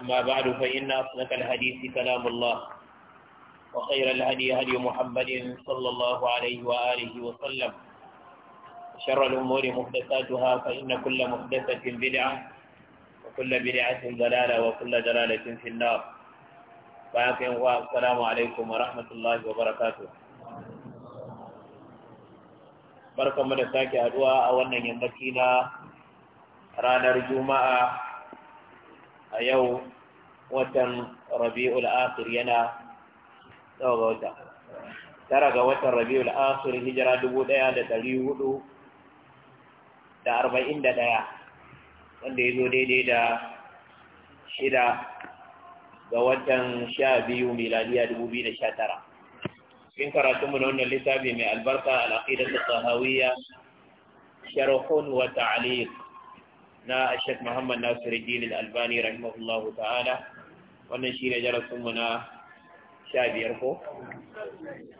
أما بعد فإن أصدق الحديث كلام الله وخير الهدي هدي محمد صلى الله عليه وآله وسلم شر الأمور محدثاتها فإن كل محدثة بدعة وكل بدعة ضلالة وكل ضلالة في النار فأكن السلام عليكم ورحمة الله وبركاته barkanmu da sake haduwa a wannan yammaci na ranar juma'a a yau watan rabi'ul akhir yana tsawo ga wata tara ga watan rabi'ul akhir hijira dubu ɗaya da ɗari hudu da arba'in da ɗaya wanda ya zo daidai da shida ga watan sha biyu miladiya dubu biyu da sha tara cikin karatunmu na wannan littafi mai albarka da tahawiyya sharhun wa ta'liq na Sheikh Muhammad Nasiruddin Al-Albani rahimahullahu ta'ala wannan shine darasin mu na sha biyar ko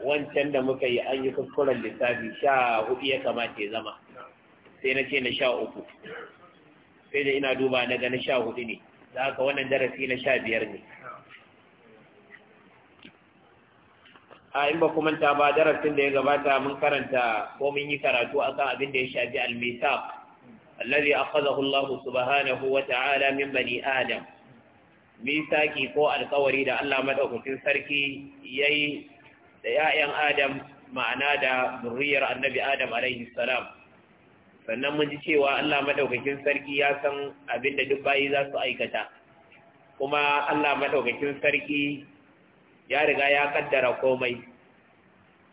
wancan da muka yi an yi kuskuren lissafi sha hudu ya kamata ya zama sai na ce na sha uku sai da ina duba na ga na sha hudu ne da haka wannan darasi na sha biyar ne a in ba manta ba darasin da ya gabata mun karanta ko mun yi karatu akan abin da ya shafi almisaf الذي أخذه الله سبحانه وتعالى من بني آدم ko كو القوري دا الله Sarki سركي يي دا يائن آدم معنا دا ذرير النبي آدم عليه السلام sannan mun ji cewa Allah madaukakin sarki ya san abin da duk bayi za su aikata kuma Allah madaukakin sarki ya riga ya kaddara komai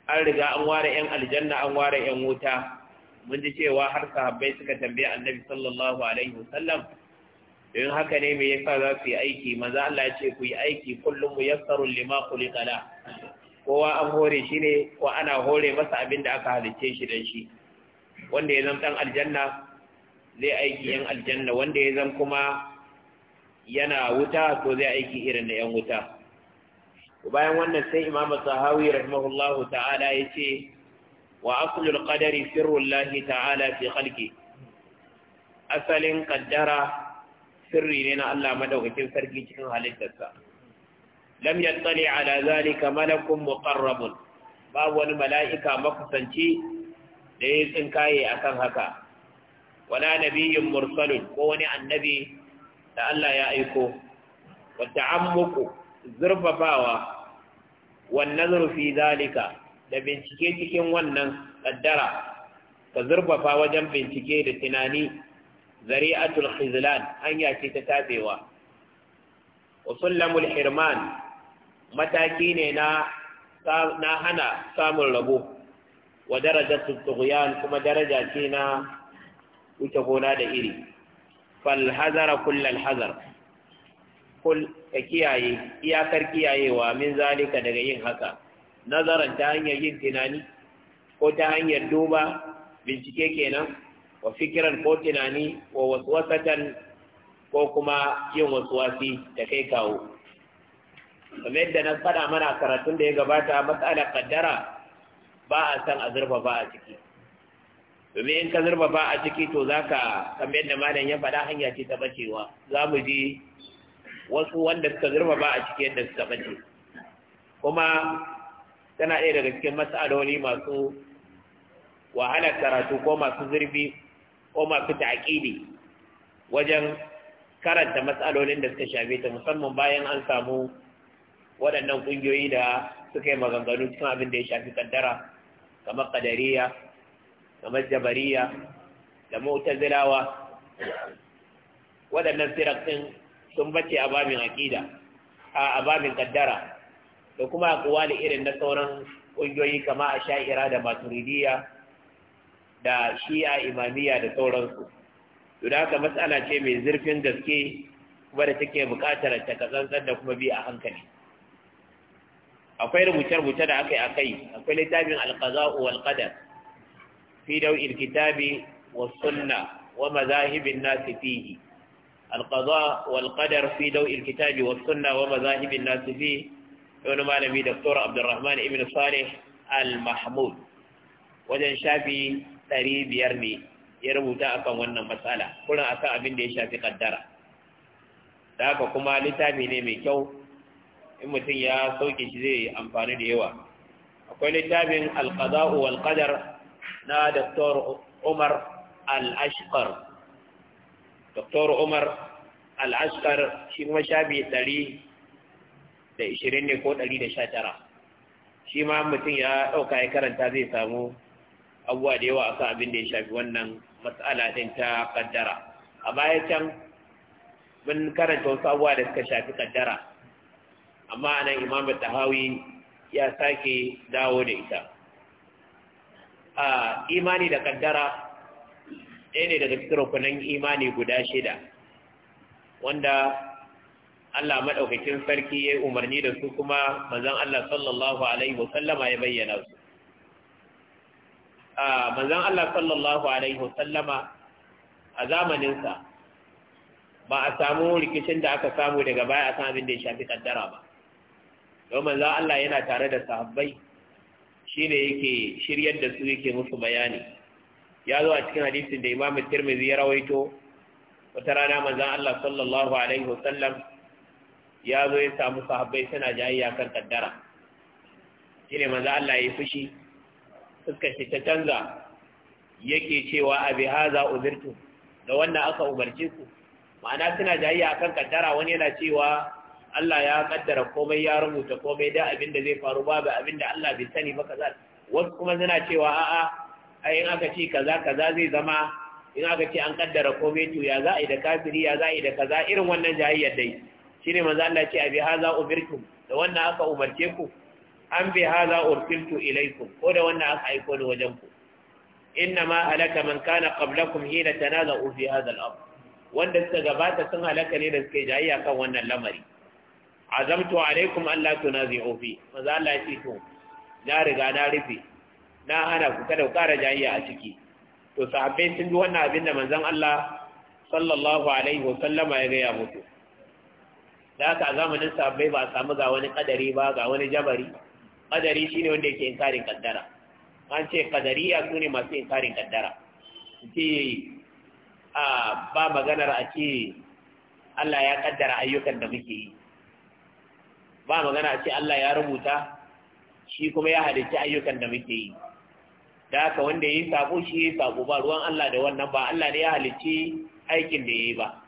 an riga an ware 'yan aljanna an ware 'yan wuta mun ji cewa har sahabbai suka tambaye annabi sallallahu alaihi wasallam don haka ne me yasa za su yi aiki maza Allah ya ce ku yi aiki kullum muyassarun lima khuliqa la kowa an hore shi ne ko ana hore masa abin da aka halicce shi dan shi wanda ya zama dan aljanna zai aiki yan aljanna wanda ya zama kuma yana wuta to zai aiki irin da yan wuta bayan wannan sai imamu sahawi rahimahullahu ta'ala ya ce وأصل القدر سر الله تعالى في خلقه أصل قدر سر لنا الله مدوه في سرقه جنها لم يطلع على ذلك ملك مقرب babu wani mala'ika makusanci da ya tsinkaye a kan haka, wala nabiyin mursalin ko wani annabi da Allah ya aiko, wata an muku zurfafawa wannan rufi zalika da bincike cikin wannan tsaddara, ka zurfafa wajen bincike da tunani zari'atul khizlan hanya ce ta tabewa usullamul hirman mataki ne na na hana samun rabo wa darajatul tughyan kuma daraja ce na wuce gona da iri fal hazara kullal hazar kul ka kiyaye iyakar kiyayewa min zalika daga yin haka nazaran ta hanyar yin tunani ko ta hanyar duba bincike kenan wa fikiran ko tunani wa wasatan ko kuma yin wasu wasi da kai kawo kuma yadda na faɗa mana karatun da ya gabata matsalar kaddara ba a san a zurfa ba a ciki domin in ka zurfa ba a ciki to za ka kamar yadda malam ya faɗa hanya ce ta bacewa za mu ji wasu wanda suka zurfa ba a ciki yadda suka bace kuma tana ɗaya daga cikin mas'aloli masu wahalar karatu ko masu zurfi ko masu ta'aƙidi wajen karanta matsalolin da suka shafe ta musamman bayan an samu waɗannan ƙungiyoyi da suka yi maganganu cikin abin da ya shafi kaddara kamar kadariya kamar jabariya da mutazilawa waɗannan sirak sun bace a babin aƙida a babin kaddara da kuma a akwali irin na sauran ƙungiyoyi kama a sha'ira da maturidiya da shi'a imamiya da sauransu to da haka matsala ce mai zurfin gaske kuma da take buƙatar takatsantsan da kuma bi a hankali akwai rubuce-rubuce da aka yi akai akwai littafin alqaza'u wal qadar fi daw'il kitabi was sunna wa mazahibin nas fihi القضاء والقدر في ضوء الكتاب wa mazahibin nas fihi wani malami Dr. Abdulrahman ibn Salih al-Mahmud wajen shafi ɗari biyar ne ya rubuta akan wannan matsala kurin akan abin da ya shafi kaddara da haka kuma littafi ne mai kyau in mutum ya sauke shi zai amfani da yawa akwai littafin alqada'u wal qadar na Dr. Umar al-Ashqar Dr. Umar al shi kuma shafi ɗari da ishirin ne ko ɗari da sha tara shi ma mutum ya ɗauka ya karanta zai samu abubuwa da yawa akan abin da ya shafi wannan matsala ɗin ta kaddara a baya can mun karanta wasu abubuwa da suka shafi kaddara amma anan imam tahawi ya sake dawo da ita a imani da kaddara ɗaya ne daga cikin rukunan imani guda shida wanda Allah madaukakin sarki yi umarni da su kuma manzon Allah sallallahu alaihi wasallama ya bayyana su a ah, manzon Allah sallallahu alaihi wasallama a zamaninsa ba a samu rikicin da aka samu daga baya akan abin da ya shafi ƙaddara ba don manzon Allah yana tare da sahabbai shine yake shiryar da su yake musu bayani ya zo a cikin hadisin da Imam Tirmidhi ya rawaito wata rana manzon Allah sallallahu alaihi wasallam ya zo ya samu sahabbai suna jayayya kan kaddara ne maza Allah ya fushi suka shi ta canza yake cewa abi haza uzirtu da wannan aka umarci ku ma'ana suna jayayya kan kaddara wani yana cewa Allah ya kaddara komai ya rubuta komai da abin da zai faru babu abin da Allah bai sani ba kaza wasu kuma suna cewa a'a a in aka ce kaza kaza zai zama in aka ce an kaddara komai to ya za a yi da kafiri ya za a yi da kaza irin wannan jayayyar dai ne manzan Allah ce a bi haza umirtum da wannan aka umarce ku an bi haza ursiltu ilaykum ko da wannan aka aiko ni wajen ku innama halaka man kana qablakum hina tanaza'u fi hadha al-amr wanda suka gabata sun halaka ne da suke jayayya kan wannan lamari azamtu alaikum alla tunazi'u fi manzan Allah ce to na riga na rufe na hana ku kada ku kara jayayya a ciki to sahabbai sun ji wannan abin da manzan Allah sallallahu alaihi wa sallama ya gaya mutu da haka a zamanin sahabbai ba a samu ga wani kadari ba ga wani jabari kadari shine wanda yake inkarin kaddara an ce kadariya su ne masu inkarin kaddara ce a ba maganar a ce Allah ya kaddara ayyukan da muke yi ba magana a ce Allah ya rubuta shi kuma ya halicci ayyukan da muke yi da haka wanda ya yi sabo shi ya yi sabo ba ruwan Allah da wannan ba Allah ne ya halicci aikin da ya yi ba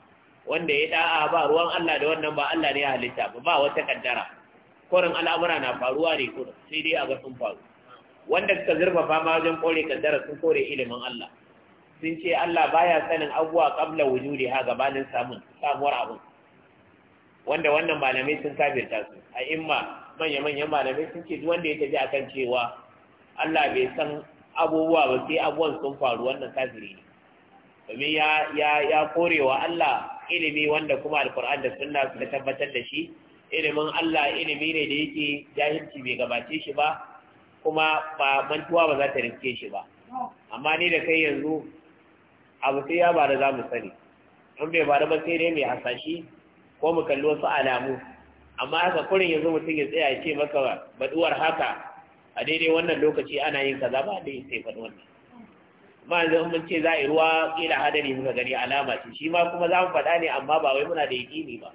wanda ya da'a ba ruwan Allah da wannan ba Allah ne ya halitta ba ba wata kaddara korin al'amura na faruwa ne kuma sai dai a ga sun faru wanda suka zurfafa ma wajen kore kaddara sun kore ilimin Allah sun ce Allah baya sanin abuwa qabla wujudi ha gabanin samun samuwar abu wanda wannan malamai sun kafirta su a imma manya manyan malamai sun ce duk wanda ya tafi akan cewa Allah bai san abubuwa ba sai abuwan sun faru wannan kafiri ne domin ya ya ya korewa Allah ilimi wanda kuma alkur'an da sunna suka tabbatar da shi ilimin Allah ilimi ne da yake jahilci bai gabace shi ba kuma ba mantuwa ba za ta rike shi ba amma ni da kai yanzu abu sai ya bada za mu sani in bai bada ba sai dai mai hasashi ko mu kalli wasu alamu amma haka kurin yanzu mutum ya tsaya ya ce maka baduwar haka a daidai wannan lokaci ana yin kaza ba da sai faɗi wannan ma yanzu mun ce za a yi ruwa kila hadari muka gani alama ce shi ma kuma za mu faɗa ne amma ba wai muna da yaƙini ba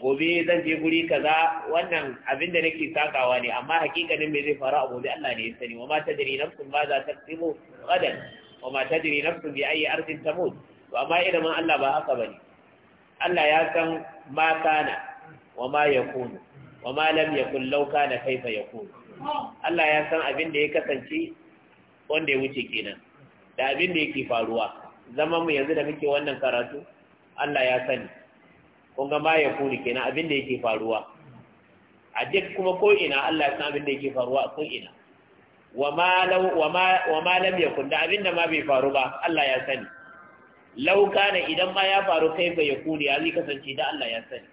gobe zan je guri kaza wannan abin da nake sakawa ne amma hakikanin me zai faru a gobe Allah ne ya sani wa ma tadri nafsun ba za ta tsimo gadan wa ma tadri nafsun bi ayi ardin tamut to amma mun Allah ba haka bane Allah ya san ma kana wa ma yakunu wa ma lam yakun law kana kaifa yakunu Allah ya san abin da ya kasance wanda ya wuce kenan da abin da yake faruwa zaman mu yanzu da muke wannan karatu Allah ya sani kun ga ma ya kuni kenan abin da yake faruwa a duk kuma ko ina Allah ya san abin da yake faruwa a ko ina wa ma lam yakun da abin da ma bai faru ba Allah ya sani law kana idan ma ya faru kai bai yakuni ya zai kasance da Allah ya sani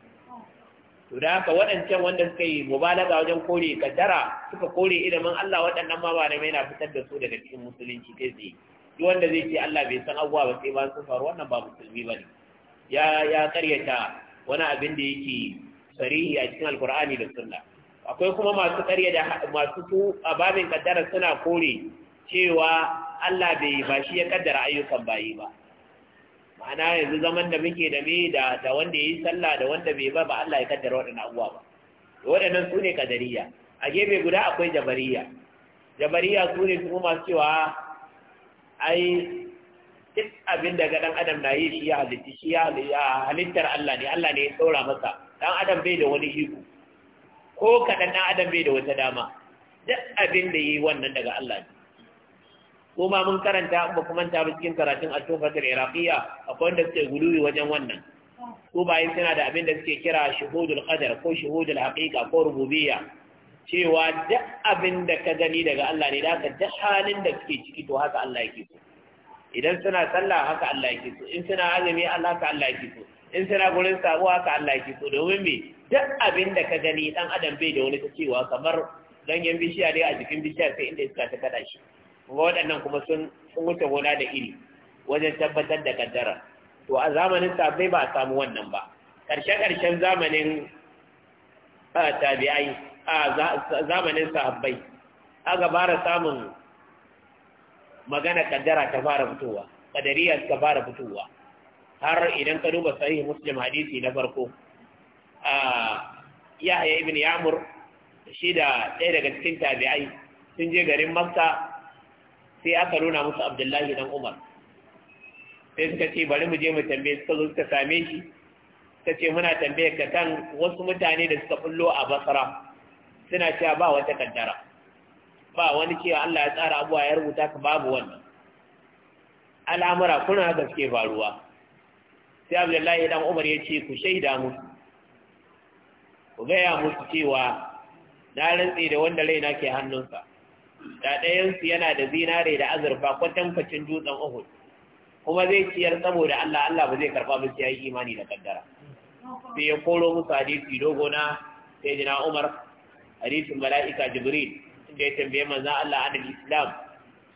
to da haka waɗancan wanda suka yi mubalaga wajen kore kaddara suka kore ilimin Allah waɗannan ma ba da mai na fitar da su daga cikin musulunci kai tsaye duk wanda zai ce Allah bai san abuwa ba sai ba su faru wannan ba musulmi ba ne ya ya karyata wani abin da yake sarihi a cikin alkur'ani da sunna akwai kuma masu da masu su a babin kaddara suna kore cewa Allah bai ba shi ya kaddara ayyukan bayi ba ma'ana yanzu zaman da muke da me da da wanda yayi sallah da wanda bai ba ba Allah ya kaddara waɗannan abuwa ba waɗannan su ne kadariya a gefe guda akwai jabariya jabariya sune ne kuma masu cewa ai duk abin da ga adam na yi shi ya halitta shi ya halittar Allah ne Allah ne ya tsora masa dan adam bai da wani iko ko kadan dan adam bai da wata dama duk abin da yi wannan daga Allah ne kuma mun karanta ba kuma ta bi cikin karatun al-tufatul iraqiyya akwai wanda suke guluwi wajen wannan ko bayan suna da abin da suke kira shuhudul qadar ko shuhudul haqiqa ko rububiyya cewa duk abin da ka gani daga Allah ne da haka duk halin da suke ciki to haka Allah yake so idan suna sallah haka Allah yake so in suna azumi Allah haka Allah yake so in suna gurin sabuwa haka Allah yake so domin me duk abin da ka gani dan adam bai da wani ta cewa kamar ganyen bishiya ne a jikin bishiya sai inda iska ta kada shi kuma waɗannan kuma sun sun wuce gona da iri wajen tabbatar da kaddara to a zamanin sabai ba a samu wannan ba ƙarshe-ƙarshen zamanin ah, tabi'ai a zamanin sahabbai aka fara samun magana kaddara ta fara fitowa kadariya ta fara fitowa har idan ka duba sahih muslim hadisi na farko a yahya ibn yamur shi da ɗaya daga cikin tabi'ai sun je garin makka sai aka nuna musu abdullahi dan umar sai suka ce bari mu je mu tambaye suka zo suka same shi suka ce muna tambayar ka kan wasu mutane da suka bullo a basra suna cewa ba wata kaddara ba wani cewa Allah ya tsara abuwa ya rubuta ka babu wannan al'amura kuna gaske faruwa sai abdullahi dan umar ya ce ku shaida musu ku gaya musu cewa na rantse da wanda raina ke hannunsa da ɗayansu yana da zinare da azurfa kwatankwacin dutsen uhud kuma zai ciyar saboda Allah Allah ba zai karba ba yayi imani da kaddara sai ya koro musu hadisi dogo na jina Umar hadisin mala'ika jibril inda ya tambaye manzo Allah anil islam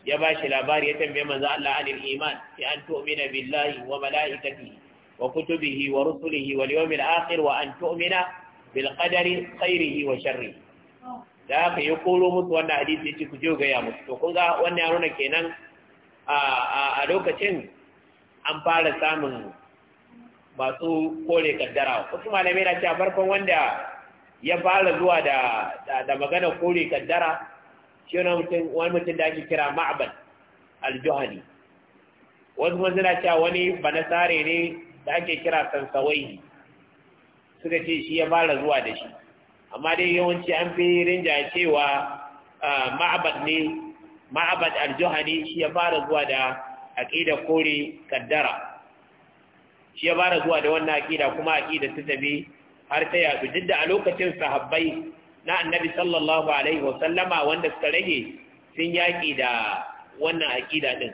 ya ba shi labari ya tambaye manzo Allah anil iman ya an tu'mina billahi wa mala'ikatihi wa kutubihi wa rusulihi wal yawmil akhir wa an tu'mina bil qadari khairihi wa sharrihi da haka ya koro musu wannan hadisi ya ce ku je gaya musu to kun ga wannan ya nuna kenan a lokacin an fara samun masu kore kaddara wasu malamai na cewa farkon wanda ya fara zuwa da da magana kore kaddara shi wani mutum wani mutum da ake kira ma'abad al-juhani wasu kuma suna cewa wani banasare ne da ake kira sansawai suka ce shi ya fara zuwa da shi amma dai yawanci an fi rinja cewa ma'abad ne ma'abad al-juhani shi ya fara zuwa da aqida kore kaddara shi ya fara zuwa da wannan aqida kuma aqida ta tabi har ta yadu duk da a lokacin sahabbai na annabi sallallahu alaihi wa sallama wanda suka rage sun yaƙi da wannan aƙida ɗin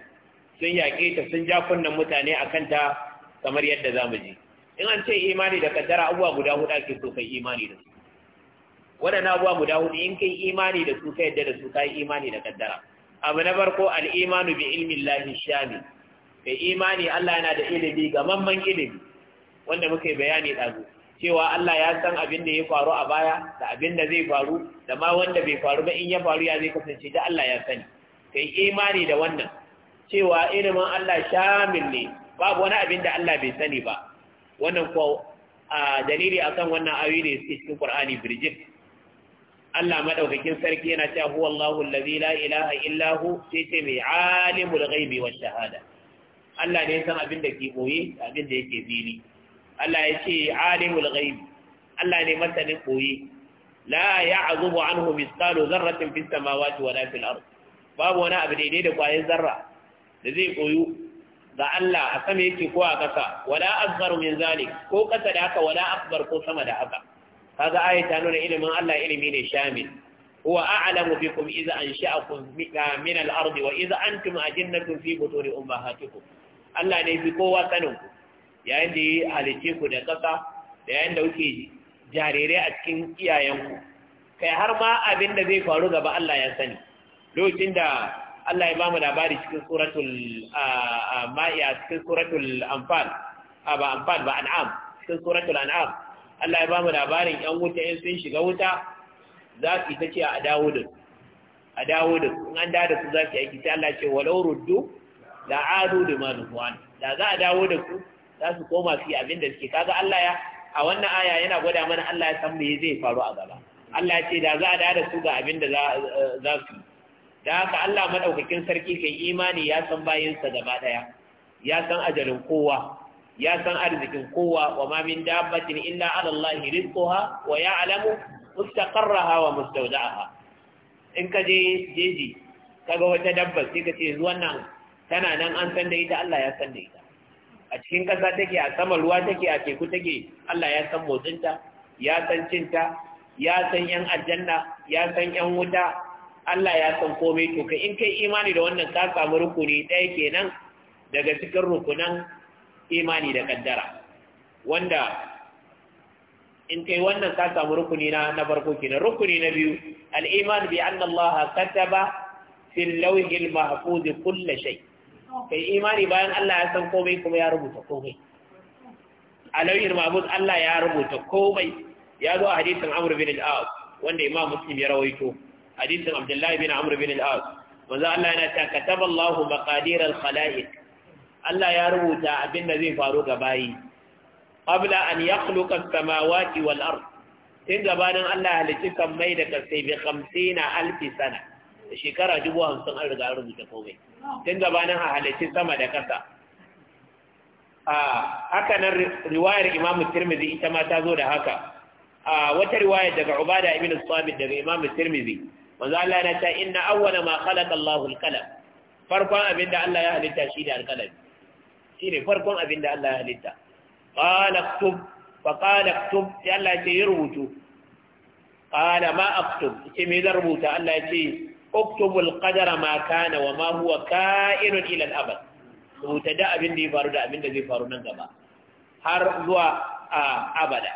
sun yaƙe ta sun ja kunnan mutane a kanta kamar yadda za mu ji in an ce imani da kaddara abubuwa guda hudu ake so kai imani da su waɗannan abubuwa guda hudu in kai imani da su kai yadda da su kai imani da kaddara abu na farko al'imanu bi ilmin lahi shami kai imani Allah yana da ilimi ga mamman ilimi wanda muke bayani ɗazu cewa Allah ya san abin da ya faru a baya da abin da zai faru da ma wanda bai faru ba in ya faru ya zai kasance da Allah ya sani kai imani da wannan cewa ilimin Allah shamil ne babu wani abin da Allah bai sani ba wannan ko a dalili akan wannan ayoyi ne suke cikin Qur'ani birjit Allah madaukakin sarki yana cewa huwa Allahu allazi la ilaha illa hu sai ce mai alimul ghaibi wash shahada Allah ne ya san abin da ke boye abin da yake fili Allah ya ce alimul ghaib Allah ne masanin koyi la ya'zubu anhu mithqalu dharratin fis samawati wala fil ard babu wani abu daidai da kwayan zarra da zai koyu ga Allah a sama yake ko a kasa. wala asghar min zalik ko ƙasa da haka wala akbar ko sama da haka kaga ta nuna ilimin Allah ilimi ne shamil هو أعلم بكم إذا أنشأكم من الأرض وإذا أنتم أجنة في بطون أمهاتكم Allah ne fi kowa saninku yayin da ya halice ku da ƙasa da yayin da kuke jarire a cikin iyayenku kai har ma abin da zai faru gaba Allah ya sani lokacin da Allah ya bamu labari cikin suratul ma'iya cikin suratul anfal ba anfal ba an'am cikin suratul an'am Allah ya bamu labarin yan wuta in sun shiga wuta za su ta ce a dawo da a dawo da in an dawo da su za su yi aiki sai Allah ce walau ruddu la adu da ma da za a dawo da su za su koma su yi abin da suke kaga Allah ya a wannan aya yana gwada mana Allah ya san me zai faru a gaba Allah ya ce da za a da su ga abin da za su da haka Allah madaukakin sarki kai imani ya san bayinsa gaba daya ya san ajalin kowa ya san arzikin kowa wa ma min dabbatin illa ala Allah rizquha wa ya'lamu mustaqarraha wa mustawda'aha in ka je jeji kaga wata dabba sai ka ce wannan tana nan an san da ita Allah ya san da ita a cikin ƙasa take a sama ruwa take a teku take Allah ya san motsinta ya san cinta ya san yan aljanna ya san yan wuta Allah ya san komai to kai in kai imani da wannan ka samu rukuni ɗaya kenan daga cikin rukunan imani da kaddara wanda in kai wannan ka samu rukuni na na farko kenan rukuni na biyu al-iman bi anna Allah kataba fil lawhil mahfuz kull shay' kai imani bayan Allah ya san komai kuma ya rubuta komai A alawir mabud Allah ya rubuta komai ya zo a hadisin Amur bin al-As wanda Imam Muslim ya rawaito hadisin Abdullahi bin Amur bin al Wanzu manzo Allah yana cewa kataballahu maqadir al-khalaiq Allah ya rubuta abin da zai faru ga bayi qabla an yakhluqa as-samawati wal-ard tun gabanin Allah ya halicci sammai da kasai bi 50 alfi sana da shekara dubu hamsin an riga an rubuta komai tun gabanin a sama da ƙasa a haka nan riwayar imamu tirmidhi ita ma ta zo da haka a wata riwayar daga ubada ibn sabit daga imamu tirmidhi Wanzu Allah na ta inna awwala ma khalaqa Allahu al-qalam farkon abin da Allah ya halitta shi da al Shi ne farkon abin da Allah ya halitta qala aktub fa qala aktub ya Allah ya rubutu qala ma aktub ce me zan rubuta Allah ya ce uktubul qadara ma kana wa ma huwa ka'inun ila al-abad rubuta da abin da ya faru da abin da zai faru nan gaba har zuwa abada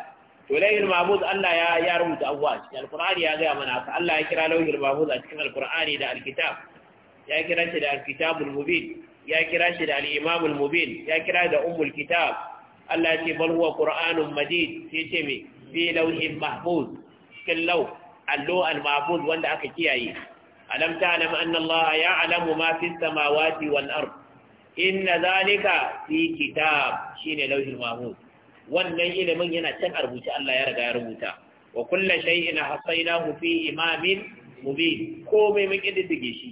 to lauhil mahfuz Allah ya ya rubuta abuwa cikin alqur'ani ya gaya mana haka Allah ya kira lauhil mahfuz a cikin alqur'ani da alkitab ya kira shi da alkitabul mubin ya kira shi da al-imamul mubin ya kira da ummul kitab Allah ya ce bal huwa qur'anun majid sai ce me fi lauhin mahfuz cikin law allo al-mahfuz wanda aka kiyaye alam ta'lam anna Allah ya'lamu ma fi samawati wal ard inna zalika fi kitab shine lauhul mahfuz wannan ilimin yana can a rubuce Allah ya riga ya rubuta wa kullu shay'in hasaynahu fi imamin mubin komai mun kididdige shi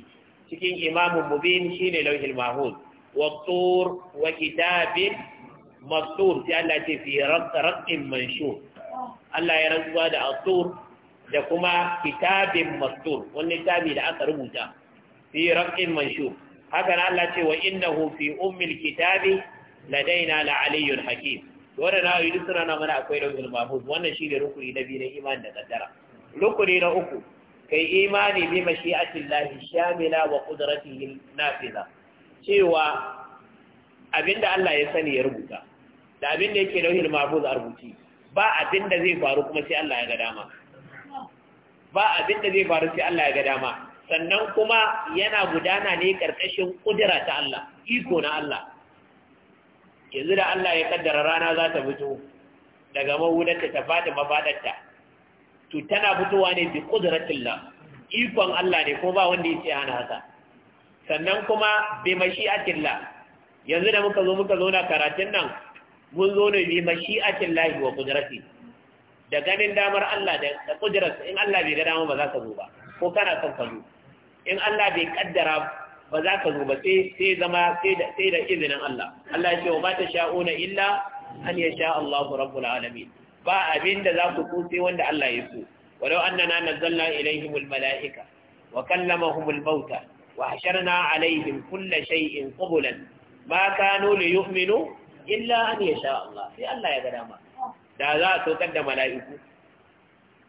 cikin imamin mubin shine lauhul mahfuz wa tur wa kitabin mastur sai Allah ce fi raqqin manshur Allah ya rantsuwa da asur da kuma kitabin mastur wani littafi da aka rubuta fi raqin manshur haka na Allah ce wa innahu fi ummil kitabi ladaina la aliyyun hakim wannan na yi suna na mana akwai rauhul mahfuz wannan shine rukuni na biyu na imani da kaddara rukuni na uku kai imani bi mashi'atillahi shamila wa qudratihi nafiza cewa abinda Allah ya sani ya rubuta da abinda yake rauhul mahfuz a rubuci ba abinda zai faru kuma sai Allah ya ga dama ba abin da zai faru sai Allah ya ga dama sannan kuma yana gudana ne karkashin ƙudura ta Allah iko na Allah yanzu da Allah ya kaddara rana za ta fito daga mawudarta ta fada mafadarta to tana fitowa ne bi kudratillah ikon Allah ne ko ba wanda yake hana haka sannan kuma bi mashi'atillah yanzu da muka zo muka zo na karatun nan mun zo ne bi mashi'atillah wa kudratihi da ganin damar Allah da kudirar in Allah bai ga ba za ka zo ba ko kana son ka zo in Allah bai kaddara ba za ka zo ba sai sai zama sai da izinin Allah Allah ya ce wa mata sha'una illa an sha Allahu rabbul alamin ba abin da za ku kuce wanda Allah ya so walau annana nazzalna ilaihimul malaika wa kallamahumul mauta wa hasharna alaihim kulla shay'in qubulan ma kanu liyu'minu illa an sha Allah sai Allah ya ga dama da za a saukar da mala'iku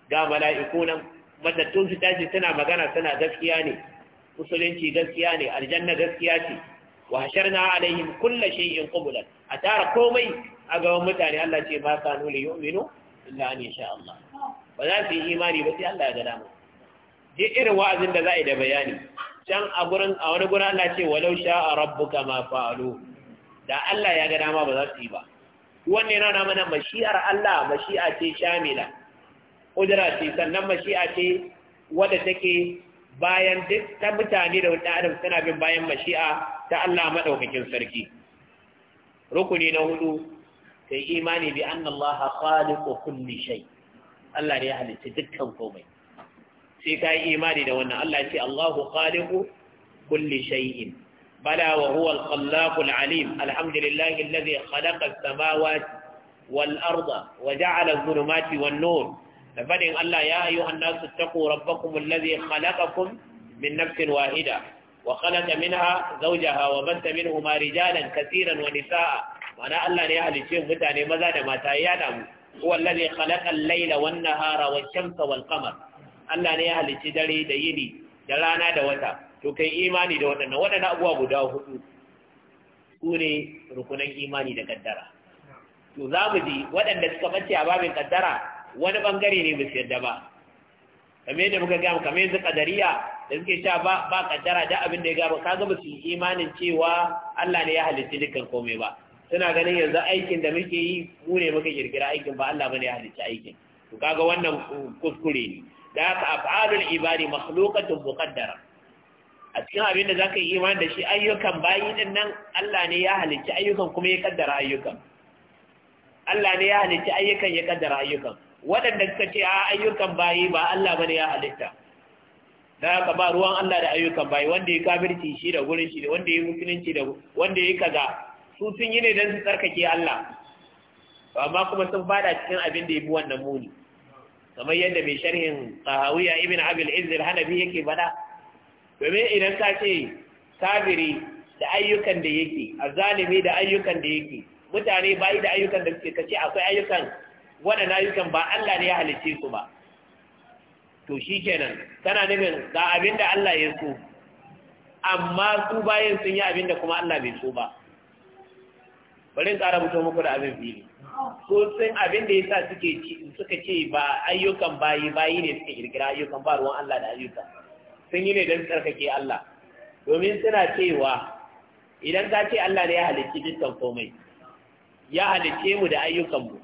ga mala'iku nan matattun su tashi suna magana suna gaskiya ne musulunci gaskiya ne aljanna gaskiya ce wa na alayhim kulla in qublan a tara komai a gaban mutane Allah ce ba kanu yi umino illa an sha Allah ba za su yi imani ba sai Allah ya gada mu. je irin wa'azin da za a yi da bayani can a gurin a wani gurin Allah ce walau a rabbuka ma fa'alu da Allah ya ga ma ba za su yi ba wannan yana mana mashi'ar Allah mashi'a ce shamila kudura ce sannan mashi'a ce wadda take bayan duk ta mutane da wadda adam suna bin bayan mashi'a ta Allah madaukakin sarki rukuni na hudu kai imani bi anna Allah khaliqu kulli shay Allah ne ya halitta dukkan komai sai kai imani da wannan Allah ya ce Allahu khaliqu kulli shay'in بلى وهو الخلاق العليم الحمد لله الذي خلق السماوات والأرض وجعل الظلمات والنور فبدن الله يا أيها الناس اتقوا ربكم الذي خلقكم من نفس واحدة وخلق منها زوجها وبث منهما رجالا كثيرا ونساء وانا الله ne ya halicce mutane maza da mata ya damu huwa allazi khalaqa al-layla wan-nahara wash-shamsa wal-qamar Allah ne ya halicci dare da yini da rana da wata to kai imani da waɗannan waɗannan abuwa guda hudu su ne rukunan imani da kaddara to za mu ji waɗanda suka bace a babin kaddara wani bangare ne ba su ba kamar yadda muka gama kamar yanzu kadariya da suke sha ba ba kaddara da abin da ya gaba kaga ba su yi imanin cewa Allah ne ya halicci dukkan komai ba suna ganin yanzu aikin da muke yi mu ne muka kirkira aikin ba Allah bane ya halicci aikin to kaga wannan kuskure ne da haka af'alul ibadi makhluqatun muqaddara a cikin abin da zaka yi iman da shi ayyukan bayi din nan Allah ne ya halicci ayyukan kuma ya kaddara ayyukan Allah ne ya halicci ayyukan ya kaddara ayyukan waɗanda suka ce a ayyukan bayi ba Allah bane ya halitta da ka ba ruwan Allah da ayyukan bayi wanda ya kafirci shi da gurin shi da wanda ya musulunci da wanda ya kaza su sun yi ne don su tsarkake Allah amma kuma sun fada cikin abin da ya bi wannan muni kamar yadda mai sharhin tsahawiya ibn abil izir hanabi yake faɗa domin idan ka ce kafiri da ayyukan da yake azalimi da ayyukan da yake mutane yi da ayyukan da suke kace akwai ayyukan waɗannan ayyukan ba Allah ne ya halicce su ba to shi kenan kana nufin ga abin da Allah ya so amma su bayan sun yi abin da kuma Allah bai so ba bari tsara mutum muku da abin fili ko sun abin da yasa suke ce ba ayyukan ba yi ne suke ƙirƙira ayyukan ba ruwan Allah da ayyukan sun yi ne don tsarkake Allah domin suna cewa idan ka ce Allah ne ya halicci dukkan komai ya halicce mu da ayyukanmu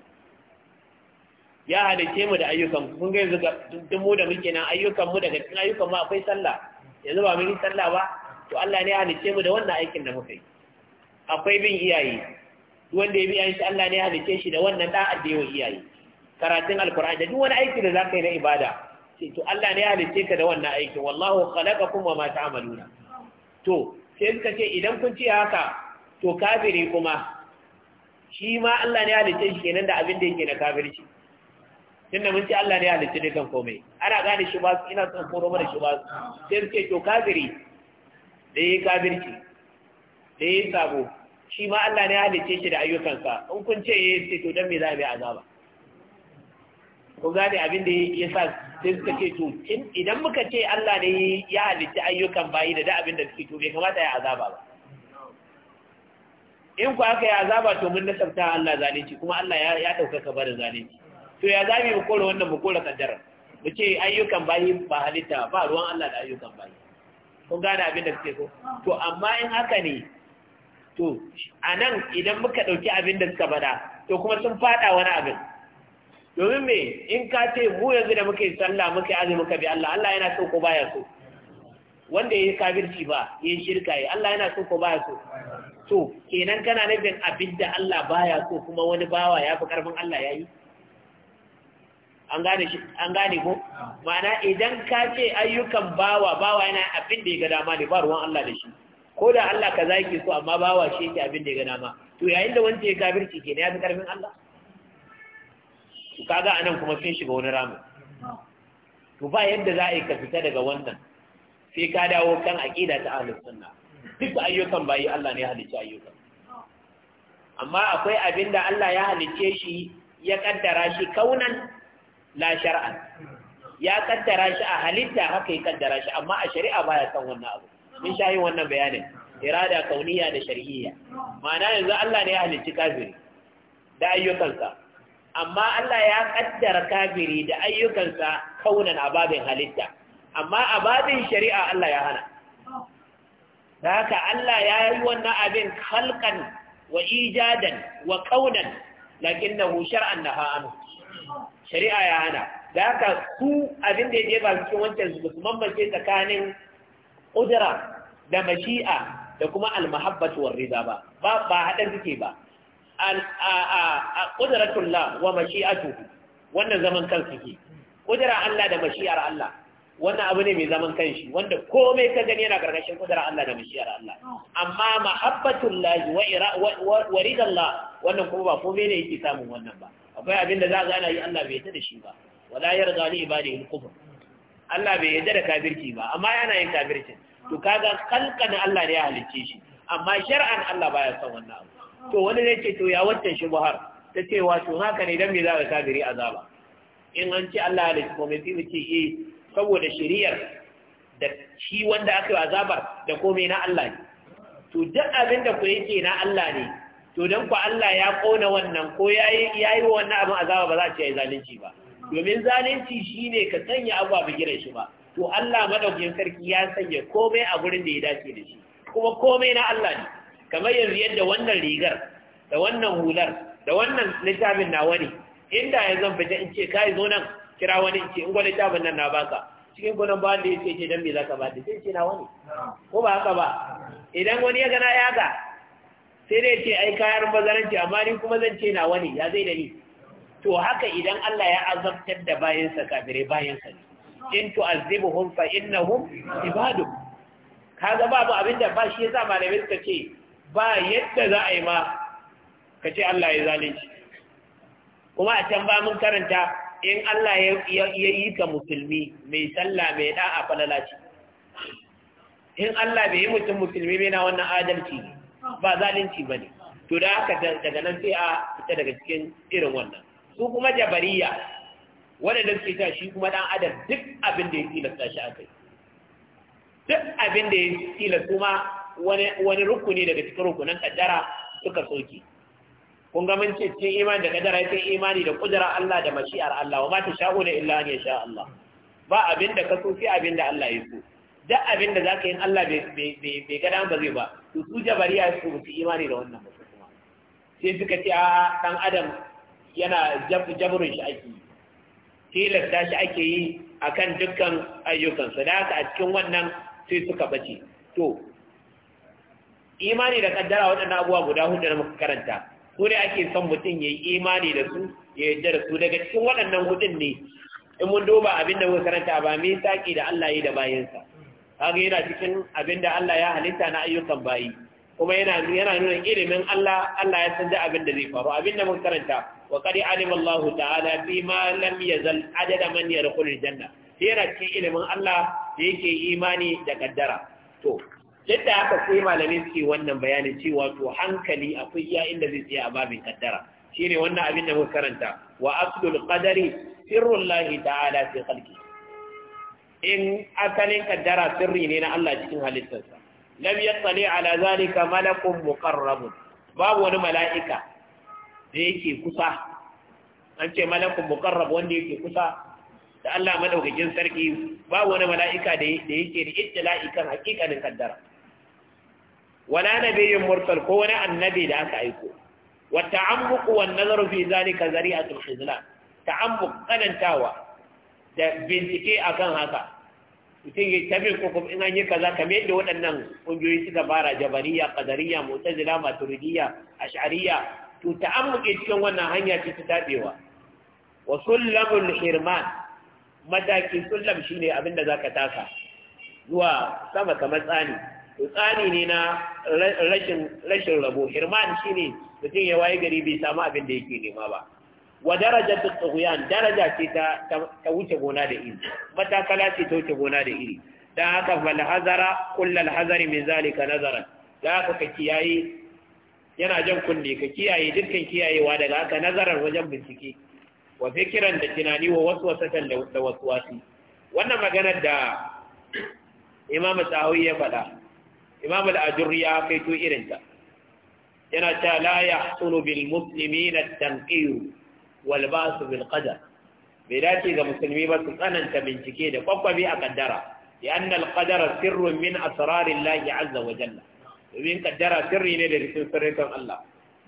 ya halicce mu da ayyukanmu kun ga zuga duk mu da muke nan ayyukanmu daga cikin ayyukanmu akwai sallah yanzu ba mun yi sallah ba to Allah ne ya halicce mu da wannan aikin da muka yi akwai bin iyaye wanda ya bi an shi Allah ne ya halicce shi da wannan da'a da yawan iyaye karatun alkur'ani da duk wani aiki da za ka yi na ibada Sai to Allah ne ya halitte ka da wannan aikin wallahu khalaqakum wa ma ta'maluna to sai suka ce idan kun ce haka to kafiri kuma shi ma Allah ne ya halitte shi kenan da abin da yake na kafirci tunda mun ce Allah ne ya halitte dukan komai ana gane shi ba ina son koro mana shi ba sai ce to kafiri da yi kafirci da yi sabo shi ma Allah ne ya halitte shi da ayyukansa in kun ce yi sai to dan me za a bi azaba ko gane abin da ya sa sai suka ce to idan muka ce Allah ne ya halitta ayyukan bayi da duk abin da suke to bai kamata ya azaba ba in ku aka ya azaba to mun nasarta Allah zalunci kuma Allah ya ya daukaka barin zalunci to ya zabi mu kore wannan mu kore kaddara mu ce ayyukan bayi ba halitta ba ruwan Allah da ayyukan bayi kun gane abin da suke ko to amma in haka ne to anan idan muka dauki abin da suka bada to kuma sun fada wani abin domin me in ka ce mu yanzu da muke sallah muke yi azumi bi Allah Allah yana so ko baya so wanda yayi kafirci ba yin shirka yi Allah yana so ko baya so to kenan kana nufin abin da Allah baya so kuma wani bawa ya fi karfin Allah yayi an gane shi an gane ko ma'ana idan ka ce ayyukan bawa bawa yana abin da ya ga dama ne ba ruwan Allah da shi ko da Allah kaza yake so amma bawa shi yake abin da ya ga dama to yayin da wanda ya kafirci kenan ya fi karfin Allah Ka kaga anan kuma sun shiga wani ramin to ba yadda za a yi ka fita daga wannan sai ka dawo kan aqida ta ahlus sunna duk ayyukan bayi Allah ne ya halicci ayyukan amma akwai abin da Allah ya halicce shi ya kaddara shi kaunan la shar'a ya kaddara shi a halitta haka ya kaddara shi amma a shari'a baya san wannan abu mun shayi wannan bayanin irada kauniya da shar'iyya ma'ana yanzu Allah ne ya halicci kafiri da ayyukansa amma Allah ya kaddara kafiri da ayyukansa kaunan ababin halitta amma ababin shari'a Allah ya hana da haka Allah ya yi wannan abin halkan wa ijadan wa kaunan lakinnahu shar'an naha anhu shari'a ya hana da haka su abin da ya je ba cikin wancan su su bambance tsakanin ƙudura da mashi'a da kuma almahabbatu war rida ba ba haɗa suke ba ƙuduratullah wa mashi'atu wannan zaman kansu ke ƙudura Allah da mashi'ar Allah wannan abu ne mai zaman kanshi wanda komai ka gani yana ƙarƙashin ƙudura Allah da mashi'ar Allah amma mahabbatullah wa ridallah wannan kuma ba komai ne yake samun wannan ba akwai abin da za a gana yi Allah bai yarda da shi ba wala yarda li ibadihi al-kufr Allah bai yarda da kafirci ba amma yana yin kafircin to kaga kalkan Allah ne ya halicce shi amma shar'an Allah baya son wannan abu to wani zai ce to ya shi buhar ta ce wato haka ne don mai za ka a azaba in an ce Allah da komai fi ce yi eh, saboda shari'ar da shi wanda aka yi azabar da komai na Allah ne to duk abin da ku yake na Allah ne to don ku Allah ya kona wannan ko yayi yayi wannan abin azaba ba za a ce yi zalunci ba domin zalunci shi ne ka sanya abuwa bi gina shi ba to Allah madaukin sarki ya sanya komai a gurin da ya dace da shi kuma komai na Allah ne kamar yanzu yadda wannan rigar da wannan hular da wannan littafin na wani, inda ya zan fita in ce kai zo nan kira wani in ce in gwada littafin nan na baka cikin gudun ba wanda ya ce ce don me ka ba da sai ce na wani.' ko ba haka ba idan wani ya gana ya ga sai dai ce ai kayan bazaranci amma ni kuma zan ce na wani, ya zai da ni to haka idan Allah ya azabtar da bayansa kafire bayansa ne in tu'azzibuhum fa innahum Ka kaga babu abinda ba shi yasa malamai suka ce ba yadda za a yi ma ka ce Allah ya zalunci kuma a can ba mun karanta in Allah ya yi ka musulmi mai sallah mai da'a falalaci in Allah bai yi mutum musulmi mai na wannan adalci ba zalunci ba ne to da aka daga nan sai a fita daga cikin irin wannan su kuma jabariya da suke ta shi kuma ɗan adam duk abin da ya tilasta shi a kai duk abin da ya tilasta kuma wani rukuni daga cikin rukunan kaddara suka soke kun ga mun ce cikin imani da kaddara ya imani da kudura Allah da mashi'ar Allah wa ma tasha'una illa an sha Allah ba abin da ka so sai abin da Allah ya so duk abin da ka yi Allah bai gada ba zai ba to su jabariya su imani da wannan mutum kuma sai suka ce a ɗan adam yana jabarin shi ake yi tilasta shi ake yi akan dukkan ayyukansa da haka a cikin wannan sai suka bace to imani da kaddara waɗannan abubuwa guda hudu da muka karanta su ne ake son mutum ya yi imani da su ya yadda da su daga cikin waɗannan hudun ne in mun duba abin da muka karanta ba mai saƙi da Allah yi da bayansa kaga yana cikin abin da Allah ya halitta na ayyukan bayi kuma yana yana nuna ilimin Allah Allah ya san abin da zai faru abin da muka karanta wa qad alim Allah ta'ala fi ma lam yazal adada man yadkhulul janna yana cikin ilimin Allah da yake imani da kaddara to yadda aka sai malamai suke wannan bayanin cewa to hankali akwai iya inda zai tsaya a babin kaddara shine wannan abin da muka karanta wa aslul qadari sirrul lahi ta'ala fi khalqi in asalin kaddara sirri ne na Allah cikin halittarsa lam yattali ala zalika malakun muqarrabun babu wani mala'ika da yake kusa an ce malakun muqarrab wanda yake kusa da Allah madaukakin sarki babu wani mala'ika da yake da ittila'i kan hakikanin kaddara wala nabiyyun mursal ko wani annabi da aka aiko wa ta'ammuq wa nazaru fi zalika zari'atul khizlan ta'ammuq kanantawa da bincike akan haka mutum ya tabi in an yi kaza kamar yadda waɗannan ƙungiyoyi suka fara kazariya, qadariya mu'tazila maturidiyya ash'ariyya to ta'ammuqi cikin wannan hanya ce ta tabewa wa sullamul hirman mataki sullam shine abinda zaka taka zuwa sama kamar tsani tsari ne na rashin rabo hirman shi ne mutum ya waye gari bai samu abin da yake nema ba wa daraja ta tsohuyan daraja ce ta wuce gona da iri matakala ce ta wuce gona da iri Dan haka hazara kullal hazari min zalika nazara da haka ka kiyaye yana jan kunne ka kiyaye dukkan kiyayewa daga haka nazarar wajen bincike wa fikiran da tunani wa wasu wasatan da wasu wasu wannan maganar da imamu sahawi ya faɗa imam al ya kai irin ta yana ta laya yahsunu bil muslimina na tanqir wal ba's bil qadar bai dace ga musulmi ba su tsananta bincike da kwakwabi a ƙaddara. ya annal sirrin min asrarin lahi azza wa jalla domin ƙaddara sirri ne da rikin sirrikan Allah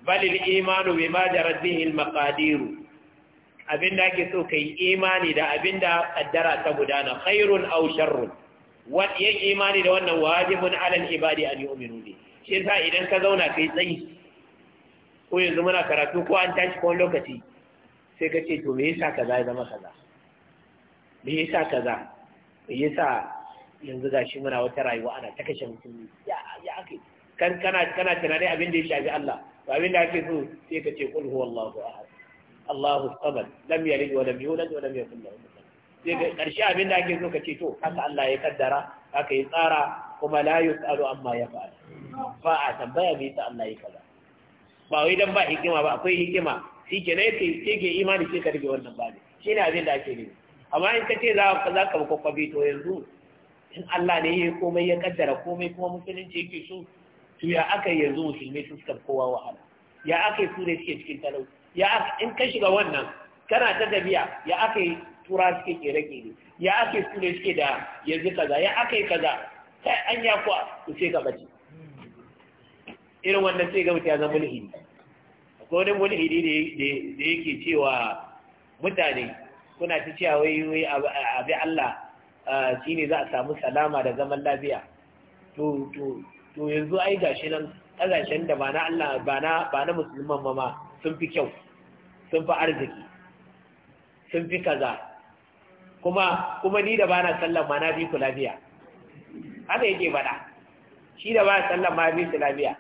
bal al imanu bima jarat bihi al maqadir abinda ake so kai imani da abinda ƙaddara ta gudana khairun aw sharrun yin imani da wannan wajibun alal ibadi an yu'minu bi shi yasa idan ka zauna kai tsayi ko yanzu muna karatu ko an tashi ko lokaci sai ka ce to me yasa kaza ya zama kaza me yasa kaza me yasa yanzu shi muna wata rayuwa ana ta kashe mutum ya ya ake kan kana kana tunanin abin da ya shafi Allah to abin da ake so sai ka ce qul huwallahu ahad Allahu samad lam yalid wa lam yulad wa lam yakul lahu sai ƙarshe abin da ake so ka ce to haka Allah ya kaddara haka ya tsara kuma la yusalu amma ya fa'al ba a tambaya me ta Allah ya kaza ba wai dan ba hikima ba akwai hikima shi ke ne sai ke imani ke ka rige wannan bani. shi ne abin da ake nufi amma in ka ce za ka za ka kwakwabe to yanzu in Allah ne ya komai ya kaddara komai kuma musulunci yake so to ya aka yanzu musulmai su suka kowa wahala ya aka yi sure suke cikin talau? ya aka in ka shiga wannan kana ta tafiya ya aka yi tura suke kere-kere ya ake su ne suke da yanzu kaza ya aka yi kaza kai an ya kuwa su sai ka bace irin wannan sai ga mutum ya zama mulhidi akwai wani mulhidi da yake cewa mutane kuna ta cewa wai wai abi Allah shi ne za a samu salama da zaman lafiya to yanzu ai gashi nan ƙasashen da ba na Allah ba na musulman ma sun fi kyau sun fi arziki sun fi kaza kuma kuma ni da ba na sallan ma na bi ku lafiya haka yake bada shi da ba na sallan ma bi ku lafiya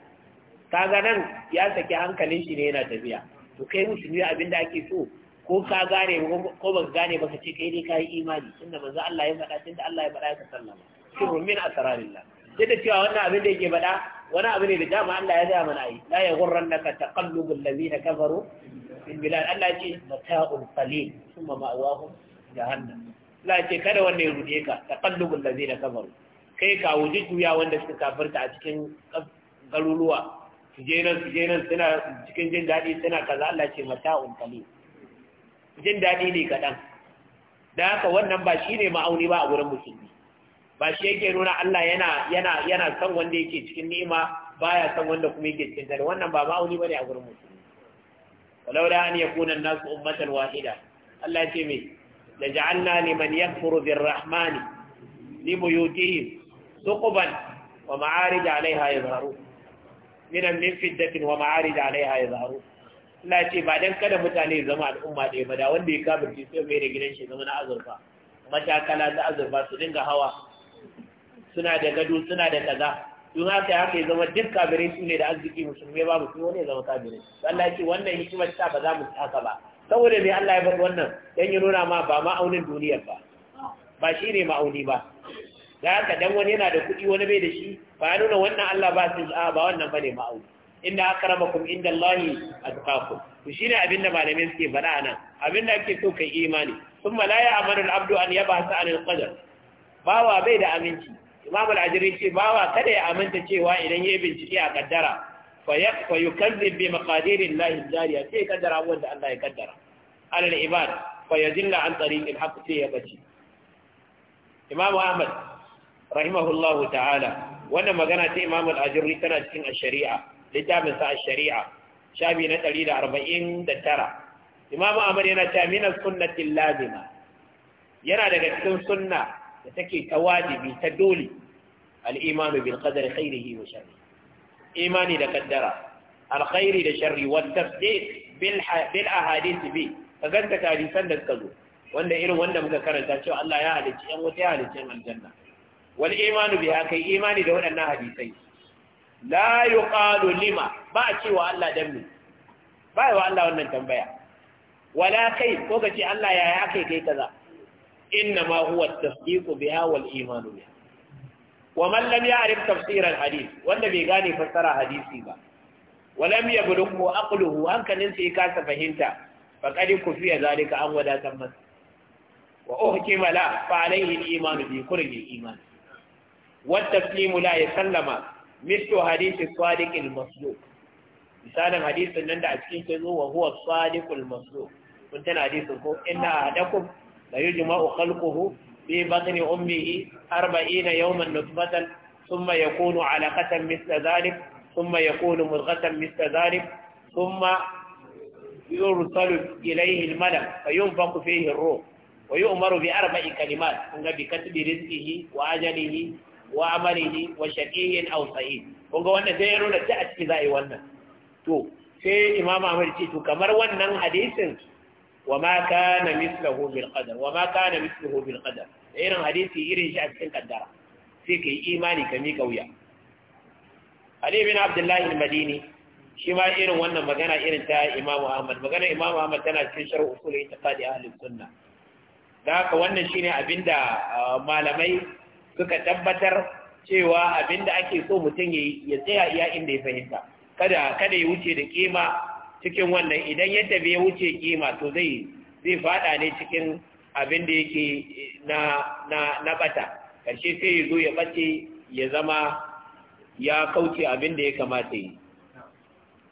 kaga nan ya saki hankalin shi ne yana tafiya to kai ne abin da ake so ko ka gane ko ba gane ba ka ce kai dai kai imani tunda manzo Allah ya faɗa tunda Allah ya faɗa ya sallama sirrun min asrarillah duk da cewa wannan abin da yake faɗa wani abu ne da dama Allah ya zama na yi la ka taqallubu ladina kafaru fil bilal Allah ya ce mata'ul qalil thumma ma'awahum jahannam Allah ce kada wanda ya ruɗe ka da zai da kafaru kai ka wuji juya wanda suka kafirta a cikin garuruwa su je nan su je nan suna cikin jin daɗi suna kaza Allah ce mata unkali jin daɗi ne kaɗan da haka wannan ba shi ne ma'auni ba a wurin musulmi ba shi yake nuna Allah yana yana yana son wanda yake cikin ni'ima baya son wanda kuma yake cikin tare wannan ba ma'auni ba ne a wurin musulmi walau da an yakuna an-nasu ummatan wahida Allah ya ce me لجعلنا لمن يكفر بالرحمن لبيوتهم ثقبا ومعارج عليها يظهرون من من فدة ومعارج عليها يظهرون لا شيء بعدين كذا متعني زمان الأمة دي بدا وندي كابر في سوى ميري جنين شيء زمان أزرفا matakala da azurfa su dinga hawa suna da gado suna da kaza don haka haka ya zama duk kabirai su ne da arziki musulmi ba musulmi wani ya zama kabirai Allah ki wannan hikimar ta ba za mu haka ba saboda mai Allah ya faɗi wannan don yi nuna ma ba ma'aunin duniyar ba ba shi ne ma'auni ba da haka dan wani yana da kuɗi wani bai da shi ba ya nuna wannan Allah ba su a ba wannan ba ne ma'auni inda aka rama kuma inda Allah a tukaku Ku shi ne abinda malamai suke faɗa a nan abinda ake so kai imani sun malaya a manar abdu an yaba a an alƙadar bawa bai da aminci Imam'ul al'ajirin ce bawa kada ya aminta cewa idan ya bincike a kaddara fa yukazzib bi maqadirin lahi jariya sai kaddara abubuwan da Allah ya kaddara alal ibad fa yajilla an tariqil haqq sai ya bace Imam Ahmad rahimahullahu ta'ala wannan magana ta Imam al-Ajurri tana cikin ash-Shari'a littafin sa ash-Shari'a shabi na 149 Imam Ahmad yana ta min lazima yana daga cikin sunna da take ta wajibi ta dole al-imanu bil qadari khairihi wa sharrihi imani da kaddara alkhairi da sharri wa tasdiq bil bil ahadith bi ka ganta hadisan da suka zo wanda irin wanda muka karanta cewa Allah ya halicci yan wuta ya halicci yan aljanna wal imanu bi kai imani da waɗannan hadisai la yuqalu lima ba cewa Allah dan me ba wa Allah wannan tambaya wala kai ko ce Allah ya ya kai kai kaza inna ma huwa at-tasdiqu biha wal imanu biha wa man lam ya'rif tafsir al wanda bai gane fassara hadisi ba wa lam yablughu aqluhu hankalin sai kasa fahimta fa qad kufiya zalika an wadatar masa wa uhkima la fa alayhi al-iman bi kulli iman wa at la yasallama mithlu hadith as-sadiq al misalin hadisin nan da a cikin ke zo wa huwa sadiqul masduq kun tana hadisin ko inna ahadakum la yujma'u khalquhu في بطن أمه أربعين يوما نطفة ثم يكون علقة مثل ذلك ثم يكون مضغة مثل ذلك ثم يرسل إليه الملك فينفق فيه الروح ويؤمر بأربع كلمات بكتب رزقه وأجله وعمله وشقي أو سعيد kunga wannan sai ya nuna ta a ciki za a yi wannan to sai imam ahmad ce to kamar wannan hadisin wa ma kana mislahu bil qadar wa ma kana mislahu bil qadar irin hadisi irin shi a cikin kaddara sai kai imani ka mika wuya Ali bin Abdullah al-Madini shi ma irin wannan magana irin ta Imam Ahmad magana Imam Ahmad tana cikin sharh usul i'tiqadi ahli sunna da haka wannan shine abinda malamai suka tabbatar cewa abinda ake so mutum ya tsaya iya inda ya fahimta kada kada ya wuce da kima cikin wannan idan ya tafi ya wuce kima to zai zai fada ne cikin abin da yake na na na bata karshe sai ya zo ya bace ya zama ya kauce abin da ya kamata yi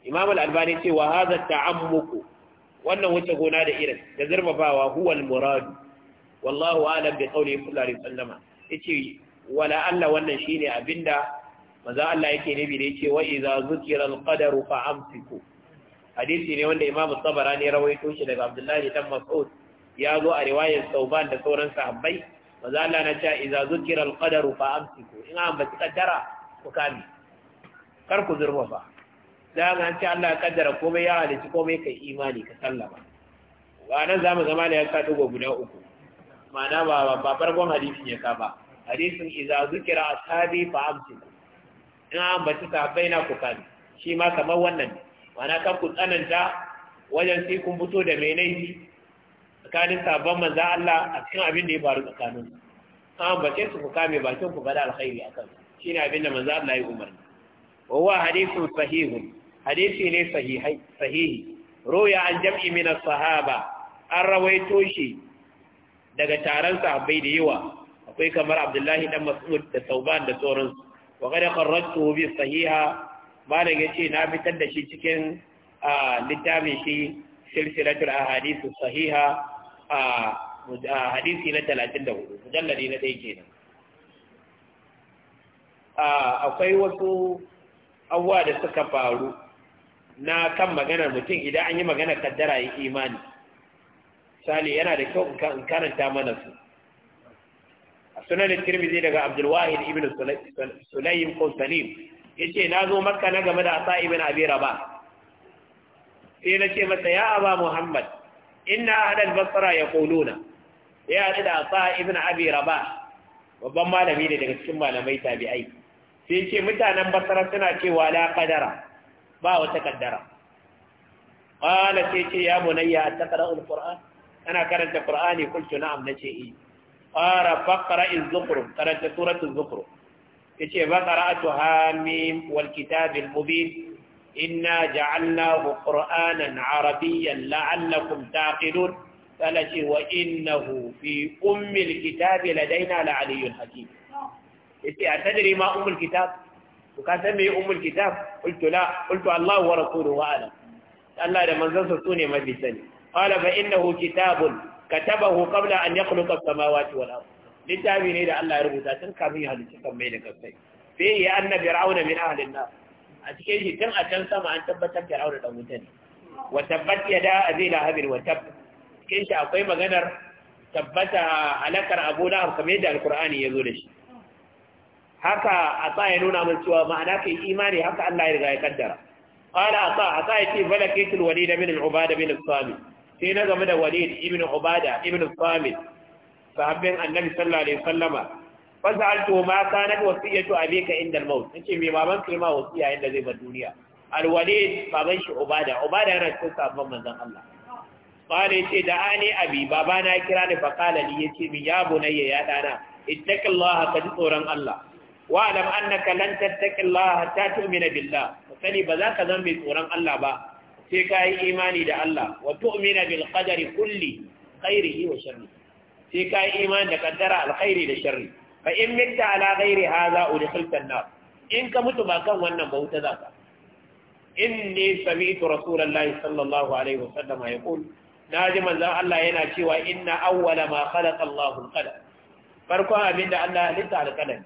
imam al-albani ce wa hadha ta'ammuku wannan wuce gona da irin da zurfafawa huwa al-murad wallahu a'lam bi qawli sallallahu alaihi yace wala Allah wannan shine abinda manzo Allah yake nabi da yace wa idza zukira al-qadaru fa hadisi ne wanda imamu sabara ne rawaito shi daga abdullahi dan mas'ud ya zo a riwayar sauban da sauran sahabbai maza Allah na cewa idza zukira alqadaru fa amsiku in an baci kaddara ku kame kar ku fa. da an ce Allah ya kaddara komai ya halici komai kai imani ka sallama ba nan zamu zama da ya ka guda uku ma'ana ba ba farkon hadisi ya ka ba hadisin idza zukira ashabi fa amsiku in an baci sahabbai na ku kame shi ma kamar wannan ne mana kan ku tsananta wajen sai kun fito da mai laifi tsakanin sabon manza Allah a cikin abin da ya faru tsakanin an bace su ku kame bakin ku faɗa alkhairi a kan shi ne abin da manza Allah ya umarni wa huwa hadithun sahihun hadisi ne sahihi roya an jam'i min sahaba an rawaito shi daga taron sahabbai da yawa akwai kamar Abdullahi dan Mas'ud da Sauban da sauransu wa qad kharrajtuhu bi sahiha malam ya ce na fitar da shi cikin littafin shi silsilatul ahadisu sahiha a hadisi na talatin da hudu na ɗaya kenan akwai wasu abubuwa da suka faru na kan maganar mutum idan an yi maganar kaddara yi imani sali yana da kyau in karanta mana su a sunanin tirmidhi daga abdulwahid ibn sulaim ko salim yace na zo makka na game da asa ibn abi ba. sai na ce masa ya aba muhammad Ina inna ahlal basra yaquluna ya hadu da asa ibn abi ba, babban malami ne daga cikin malamai tabi'ai sai ce mutanen basara suna cewa la qadara ba wata kaddara qala sai ce ya bunayya taqra'u alquran ana karanta qur'ani qultu na'am ce eh qara faqra in zukhruf karanta suratul zukhruf كتي بقرأتها ميم والكتاب المبين إنا جعلناه قرآنا عربيا لعلكم تعقلون فلتي وإنه في أم الكتاب لدينا لعلي حكيم إنت أتدري ما أم الكتاب؟ وكان سمي أم الكتاب قلت لا قلت الله ورسوله أعلم قال لا من زلتوني مجلسني قال فإنه كتاب كتبه قبل أن يخلق السماوات والأرض littafi ne da Allah ya rubuta tun kafin ya halicci kan mai da kasai sai ya annabi ra'una min ahlin nar a cikin shi tun a can sama an tabbatar da ra'una da wuta ne wa tabbat yada abi lahabin wa tab cikin shi akwai maganar tabbata halakar abu lahab kamar yadda alqur'ani ya zo da shi haka a sa ya nuna mun cewa ma'ana kai imani haka Allah ya riga ya kaddara qala asa asa yace balakitul walid min al-ubada min al-sami sai na game da walid ibn ubada ibn sami sahabban annabi sallallahu alaihi wasallama fa sa'altu ma kanat wasiyatu abika inda al-maut nace me baban kalma wasiya inda zai bar duniya al-walid baban shi ubada ubada yana cikin sahabban manzon Allah qala yace da ani abi babana ya kira ni fa qala li yace mi ya bunayya ya dana ittaqillaha ka ji tsoron Allah wa alam annaka lan tattaqillaha ta tu'mina billah sani ba za ka zama mai tsoron Allah ba sai ka yi imani da Allah wa tu'mina bil qadari kulli khairihi wa sharrihi sai ka yi imanin da kaddara alkhairi da sharri fa in mitta ala ghairi hadha udkhilta nar in ka mutu ba kan wannan ba wuta zaka inni sami'tu rasulullahi sallallahu alaihi wasallam yaqul naji manzon Allah yana cewa inna awwala ma khalaqa Allahu al-qalam farkon abinda Allah ya halitta al-qalam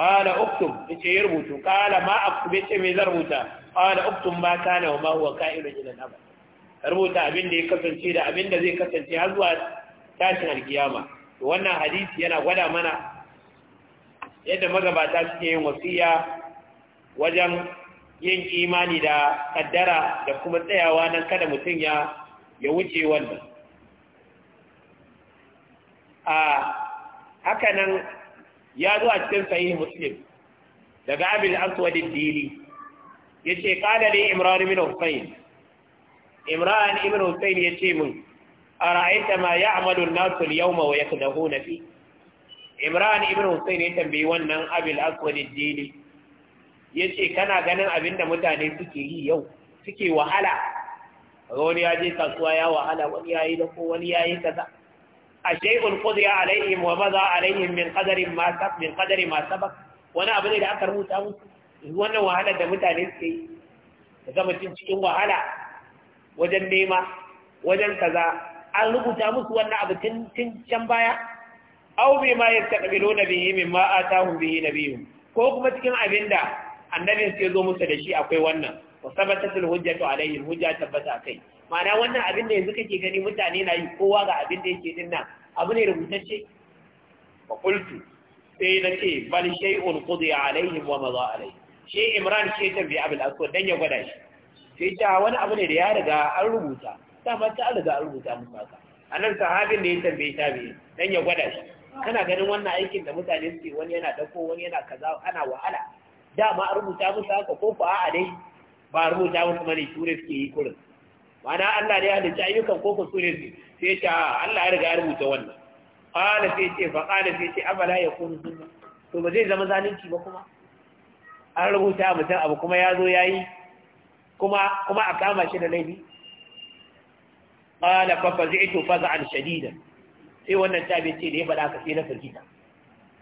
qala uktub yace ya rubutu qala ma aktub yace me zan rubuta qala uktub ma kana wa ma huwa ka'irun ila al-abad rubuta abinda ya kasance da abinda zai kasance har zuwa tashin alkiyama to wannan hadisi yana gwada mana yadda magabata suke yin wasiya wajen yin imani da kaddara da kuma tsayawa nan kada mutum ya ya wuce wannan a haka nan ya zo a cikin sahih muslim daga abin aswad ad-dili yace qala li imran ibn husayn imran ibn husayn yace mun ara'aita ma ya'malu an-nasu al-yawma wa yakdahuna fi Imran ibn Hussein ya tambayi wannan Abil Aswad ad-Dili yace kana ganin abinda mutane suke yi yau suke wahala wani ya je kasuwa ya wahala wani ya yi da wani ya yi kaza ashay'un qudiya alaihim wa madha alaihim min qadari ma sab min qadari ma sabaq wani abu ne da aka rubuta musu wannan wahalar da mutane suke yi da zama cikin wahala wajen nema wajen kaza an rubuta musu wannan abu tun can baya aw bi ma yastaqbiluna bihi mimma atahum bihi nabiyyu ko kuma cikin abinda annabin sai zo musu da shi akwai wannan wa sabatatul hujjatu alayhi hujja tabbata kai ma'ana wannan abin da yanzu kake gani mutane na yi kowa ga abin da yake dinna abu ne rubutacce fa qultu sai na bal shay'un qudi alaihim wa madha alayhi shi imran shi bi abul aswad dan ya gwada shi sai ta wani abu ne da ya riga an rubuta dama ta riga an rubuta musu haka a nan sahabin da ya tambaye ta bai dan ya gwada shi kana ganin wannan aikin da mutane suke wani yana dako wani yana kaza ana wahala dama a rubuta musu haka ko ku a'a dai ba a rubuta musu bane sure suke yi kurin ma'ana Allah ne ya halicci ayyukan ko ku sure su sai ce Allah ya riga ya rubuta wannan qala sai ce fa qala sai ce ya kunu zulma to ba zai zama zalunci ba kuma an rubuta mutum abu kuma ya zo ya yi kuma a kama shi da laifi qala fa fazi'tu faz'an shadida sai wannan tabi ce da ya faɗa ka sai na firgita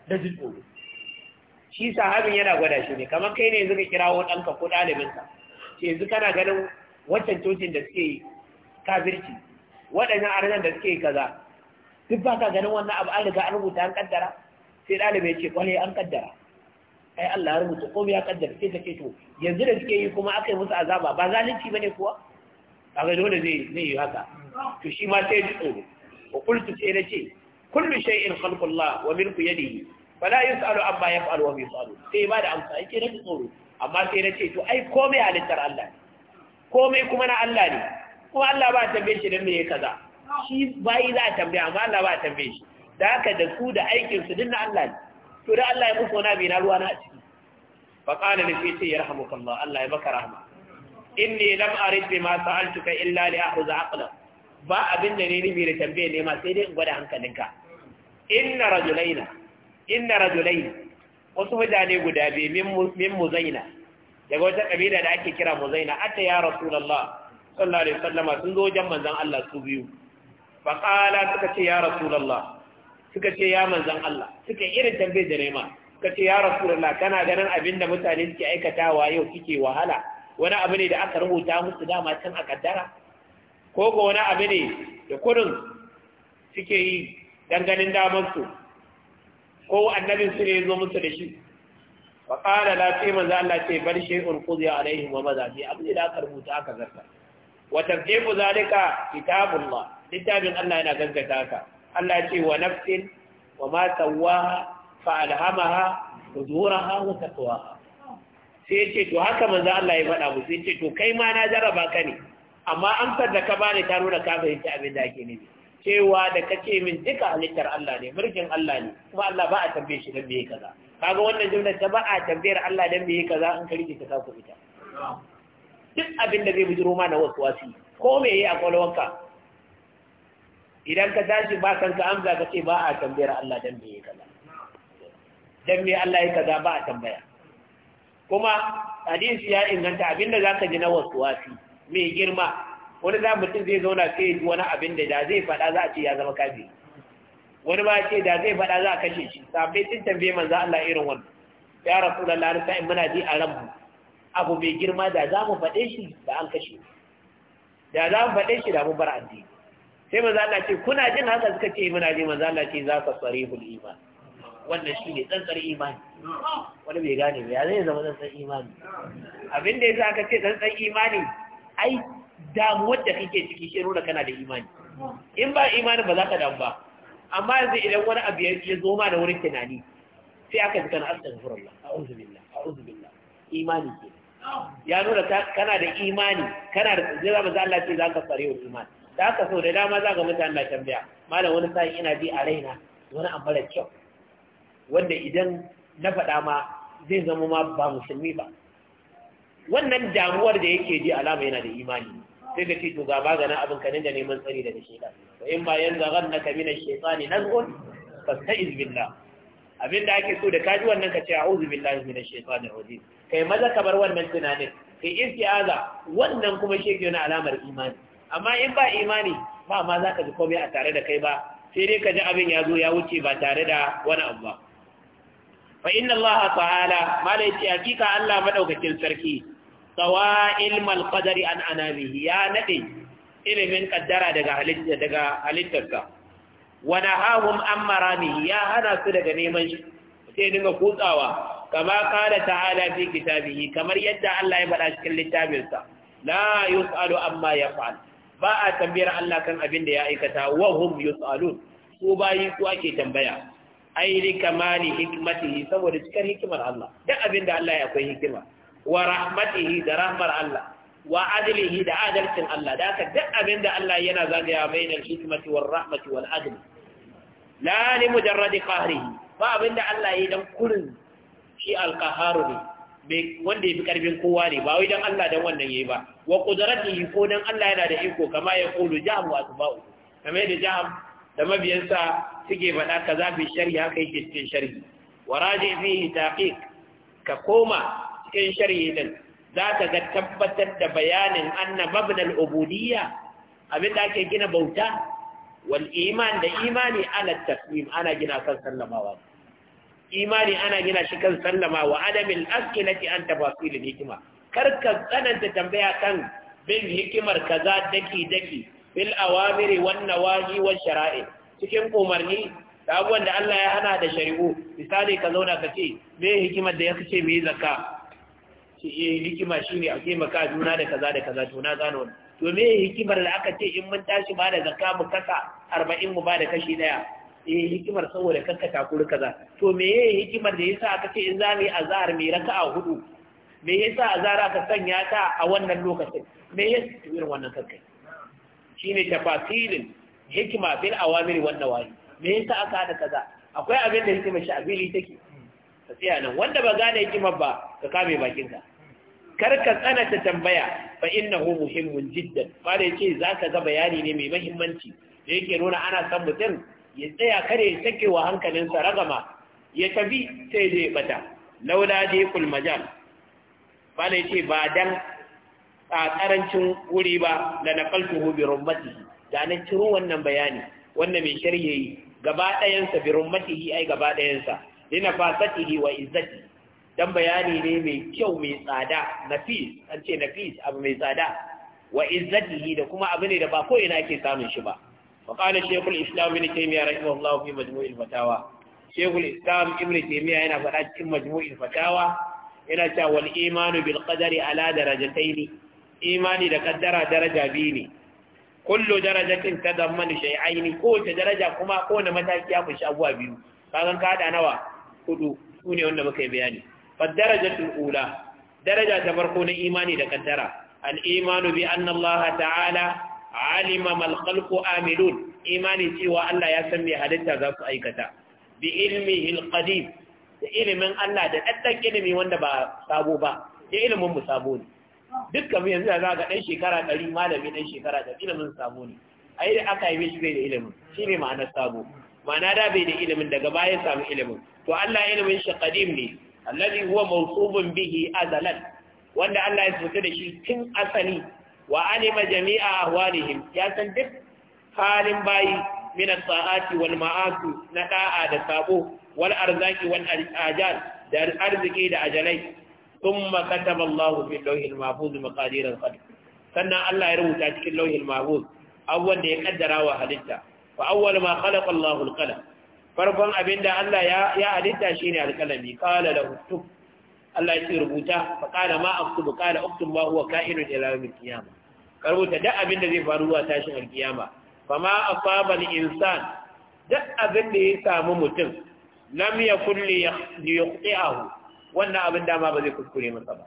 da jin tsoro shi sahabin yana gwada shi ne kamar kai ne yanzu ka wani ɗanka ko ɗalibinsa. ce yanzu kana ganin wancan cocin da suke kafirci waɗannan arnan da suke kaza duk ba ka ganin wannan abu an riga an rubuta an kaddara sai ɗalibi ya ce kwalai an kaddara ai Allah ya rubuta ko ya kaddara sai ka ce to yanzu da suke yi kuma aka yi musu azaba ba zalunci bane kuwa kaga dole zai yi haka to shi ma sai ji tsoro wa qultu sai nace kullu shay'in khalqullah wa milku yadihi fala yus'alu amma yaf'alu wa yus'alu sai ba da amsa yake na tsoro amma sai nace to ai komai halittar Allah ne komai kuma na Allah ne kuma Allah ba tambaye shi dan me kaza shi bai za a tambaye amma Allah ba tambaye shi da haka da su da aikin su dinna Allah ne to da Allah ya musu wani bai na ruwa na a ciki fa qala li fi yarhamukallah Allah ya maka rahma inni lam arid bima sa'altuka illa li akhudha aqlak ba abin da ne nufi da tambaye nema sai dai in gwada hankalinka inna rajulaina inna rajulaina wasu hujja ne guda biyu min muzaina daga wata kabila da ake kira muzaina atta ya rasulullah sallallahu alaihi wasallam sun zo wajen manzon Allah su biyu fa qala suka ce ya rasulullah suka ce ya manzon Allah suka irin tambaye da nema suka ce ya rasulullah kana ganin abin da mutane suke aikatawa yau kike wahala wani abu ne da aka rubuta musu dama can a kaddara ko ko wani abu ne da kudin suke yi danganin su, ko annabin su ne zo musu da shi wa qala la fi manzo Allah ce bar in qudi alaihi wa maza, abu ne da aka rubuta aka zarta wa tabdibu zalika kitabullah littafin Allah yana gaskata ka. Allah ya ce wa nafsin wa ma sawaha fa alhamaha fujuraha wa taqwaha sai ce to haka manzo Allah ya faɗa mu sai ce to kai ma na jaraba ka ne amma amsar da ka bani ta nuna ka fahimci abin da ake nufi cewa da kace min duka halittar Allah ne mulkin Allah ne kuma Allah ba a tambaye shi dan meye kaza kaga wannan jumlar ta ba a tambayar Allah dan meye kaza in ka rike ta ka ita duk abin da zai bujiro ma na wasu wasi ko me yayi a kwalwanka idan ka tashi ba san ka amsa ka ce ba a tambayar Allah dan meye kaza dan me Allah yake kaza ba a tambaya kuma hadisi ya inganta abinda zaka ji na wasu wasi mai girma wani za mutum zai zauna sai yi wani abin da da zai faɗa za a ce ya zama kafi wani ba ce da zai faɗa za a kashe shi sabai sun tambaye manzo Allah irin wannan ya rasu da larisa in muna ji a ranmu abu mai girma da za mu faɗe shi da an kashe da za mu faɗe shi da mu bar addini sai manzo Allah ce kuna jin haka suka ce muna ji manzo Allah ce za ka tsare bul iman wannan shi ne tsantsar imani wani bai gane ba ya zai zama tsantsar imani abin da yasa aka ce tsantsar imani ai damuwar da kake ciki shi nuna kana da imani in ba imani ba za ka damu ba amma yanzu idan wani abu ya zo ma da wurin tunani sai aka ji kana astaghfirullah a'udhu billah a'udhu billah imani ke ya nuna kana da imani kana da zai zama Allah ce zaka tsare wa imani da aka sau da dama za ga mutane na tambaya malam wani sai ina bi a raina wani amara kyau wanda idan na faɗa ma zai zama ma ba musulmi ba wannan damuwar da yake ji alama yana da imani sai ka ce ga maganin abin ka neman tsari daga shekar Ba in ba yanzu ran na kamina nan nazgun fasta'iz izbinla abin da ake so da kaji wannan ka ce a a'udhu billahi minash shaitani rajim kai maza ka bar wannan tunanin ka yi kai aza. wannan kuma shege na alamar imani amma in ba imani ba ma za ka ji komai a tare da kai ba sai dai ka ji abin ya zo ya wuce ba tare da wani abu ba fa inna allaha ta'ala mala hakika Allah madaukakin sarki tsawa ilmal qadari an anamihi ya naɗe ilimin kaddara daga halitta daga halittarsa wa nahahum an ya hana su daga neman shi sai dinga kutsawa kama qala ta fi kitabihi kamar yadda Allah ya faɗa cikin littafinsa la yus'alu amma ya ba a tambayar Allah kan abin da ya aikata wa hum yus'alun ko bayi su ake tambaya ai li kamali saboda cikar hikimar Allah duk abin da Allah ya akwai hikima wa rahmatihi da rahmar Allah wa adlihi da adalcin Allah da aka duk abin da Allah yana zagaya bainal hikmati war rahmati wal adl la li mujarradi qahrihi ba abin Allah yi dan kurin shi alqaharu ne wanda yafi fi kowa ne ba wai don Allah dan wannan ya yi ba wa qudratihi ko don Allah yana da iko kama ya kulu jahm wa asba'u kama yadda jahm da mabiyansa suke faɗa ka zafi shari'a, haka yake cikin shari wa raji fihi taqiq ka koma cikin sharhi din za ka ga tabbatar da bayanin anna mabnal ubudiyya abin da ake gina bauta wal iman da imani ala taslim ana gina kan sallamawa imani ana gina shi kan sallama wa an tafasil hikima kar ka tsananta tambaya kan bin hikimar kaza daki daki bil awamiri wan nawahi wal shara'i cikin umarni da abubuwan da Allah ya hana da shari'u misali ka zauna ka ce me hikimar da ya kace me zakka ce eh hikima shine a taimaka juna da kaza da kaza to na gano wannan to me hikimar da aka ce in mun tashi ba da zakka mu kasa 40 mu ba da kashi daya eh hikimar saboda kanka kuri kaza to me hikimar da yasa aka ce in za mu yi azhar mai raka'a hudu me yasa azhar aka sanya ta a wannan lokacin me yasa irin wannan kanka shine tafasilin hikima bil awamir wan nawahi me yasa aka hada kaza akwai abin da yake shi a take ka tsaya nan wanda ba gane hikimar ba ka kame bakinka kar ka ta tambaya fa innahu muhimmun jiddan fara yace zaka ga bayani ne mai muhimmanci da yake nuna ana san mutum ya tsaya kare ya take wa hankalinsa ragama ya tafi sai dai bata laula kul majal fara yace ba dan tsarancin wuri ba da naqaltuhu bi rummatihi da na ciro wannan bayani wannan mai sharhi gaba sa bi rummatihi ai gaba sa lina fasatihi wa izzati dan bayani ne mai kyau mai tsada nafis an ce nafis abu mai tsada wa izzatihi da kuma abu ne da ba ko ina ake samun shi ba wa qala shaykhul islam ibn taymiyyah rahimahullah fi majmu'il fatawa shaykhul islam ibn taymiyyah yana faɗa cikin majmu'il fatawa yana cewa wal imanu bil qadari ala darajatayn imani da kaddara daraja biyu ne kullu darajatin tadammanu shay'ayn ko ta daraja kuma ko na mataki ya kunshi abuwa biyu kaga ka hada nawa hudu sune wanda muka yi bayani فالدرجة الأولى درجة تفرقون إيماني لكترى الإيمان بأن الله تعالى علم ما الخلق آملون إيماني سوى أن لا يسمي هلتا ذات أيكتا بعلمه القديم ilimin Allah da ɗaɗɗan ilimi wanda ba sabo ba ya ilimin mu sabo ne dukkan yanzu da za ga ɗan shekara ɗari malami ɗan shekara ɗari ilimin sabo ne a da aka yi shi bai da ilimin shi ne ma'anar sabo ma'ana da bai da ilimin daga baya samu ilimin to Allah ilimin shi qadim ne alladhi huwa mawsufun bihi azalan wanda Allah ya tsoke da shi tun asali wa alima jami'a ahwalihim ya san duk halin bayi min as-sa'ati wal ma'asi na da'a da sabo wal arzaki wal ajal da arziki da ajalai thumma kataba Allah fi lawhil mahfuz maqadir al-qadr sannan Allah ya rubuta cikin lawhil mahfuz awwal da ya kaddara wa halitta fa awwal ma khalaqa Allah al-qalam farkon abin da Allah ya halitta shi ne alƙalami ƙala da hutu Allah ya ce rubuta fa ƙala ma aktubu ƙala uktun ba huwa ka'irin ila kiyama qiyama ka rubuta duk abin da zai faru zuwa tashin alƙiyama fa ma asaba da insan duk abin da ya samu mutum lam yakun a yuqti'ahu wannan abin dama ba zai kuskure masa ba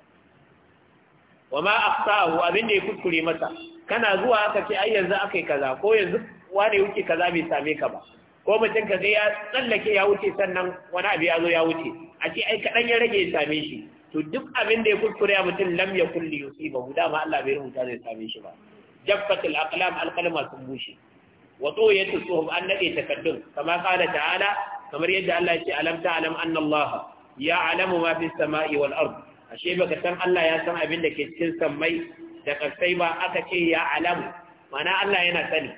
wa ma akhta'ahu abin da ya kuskure masa kana zuwa aka ce ai yanzu yi kaza ko yanzu wane wuce kaza bai same ka ba ko mutum ka ga ya tsallake ya wuce sannan wani abu ya zo ya wuce a ce ai kaɗan ya rage ya same shi to duk abin da ya kuskure a mutum lam ya kulli yusiba guda ma Allah bai rubuta zai same shi ba jaffatul aqlam alqalama sun bushe wa tsoyatu suhum an nade takaddun kama qala ta'ala kamar yadda Allah ya ce alam ta'lam anna Allah alamu ma fis sama'i wal ard ashe baka san Allah ya san abin da ke cikin sammai da kasai ba aka ce ya alamu mana Allah yana sani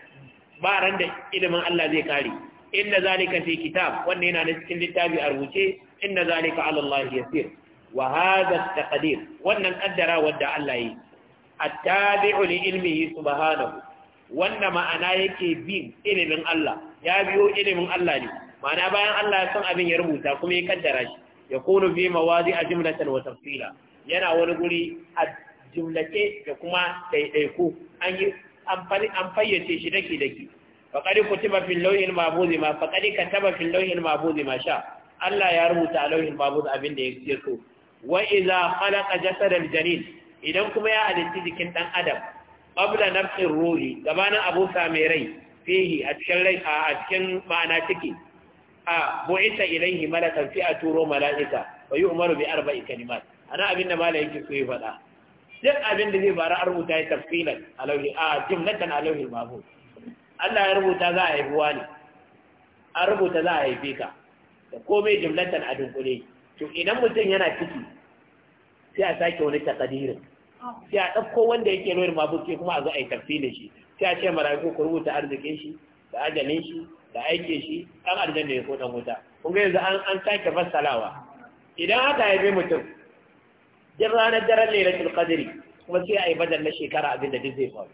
ba ran da ilimin Allah zai kare inna zalika fi kitab wannan yana cikin littafi a rubuce inna zalika ala Allah yasir wa hadha taqdir wannan kaddara wanda Allah yi attabi'u li ilmihi subhanahu wannan ma'ana yake bin ilimin Allah ya biyo ilimin Allah ne ma'ana bayan Allah ya san abin ya rubuta kuma ya kaddara shi ya kunu bi mawadi a jumlatan wa tafsila yana wani guri a jumlace da kuma ɗaiɗaiku an yi an fayyace shi dake-dake. faqad kutiba fil lawhil mahfuz ma faqad kataba fil lawhil mahfuz ma sha Allah ya rubuta a lawhil mahfuz abin da yake so wa idza khalaqa jasad al jalil idan kuma ya halitta jikin dan adam qabla nafsin ruhi gabanin abusa mai rai fihi a cikin rai a cikin ma'ana ciki a bu'ita ilaihi malakan fi a turo mala'ika wa yu'maru bi arba'i kalimat ana abin da malai yake so ya faɗa duk abin da zai bara a rubuta ya tafsilan a jumlatan a lauhin mahfuz Allah ya rubuta za a haifi wani an rubuta za a haife ka da komai jimlatan a dunkule to idan mutum yana ciki sai a sake wani takadirin sai a ɗauko wanda yake nuna mabuki kuma a zo a yi tafsilin shi sai a ce marayu ku rubuta arzikin shi da ajalin shi da aike shi ɗan aljanna ya ko ɗan wuta kun ga yanzu an sake fassalawa idan aka haife mutum jin ranar daren lailatul qadri kuma sai a yi badal na shekara abin da duk zai faru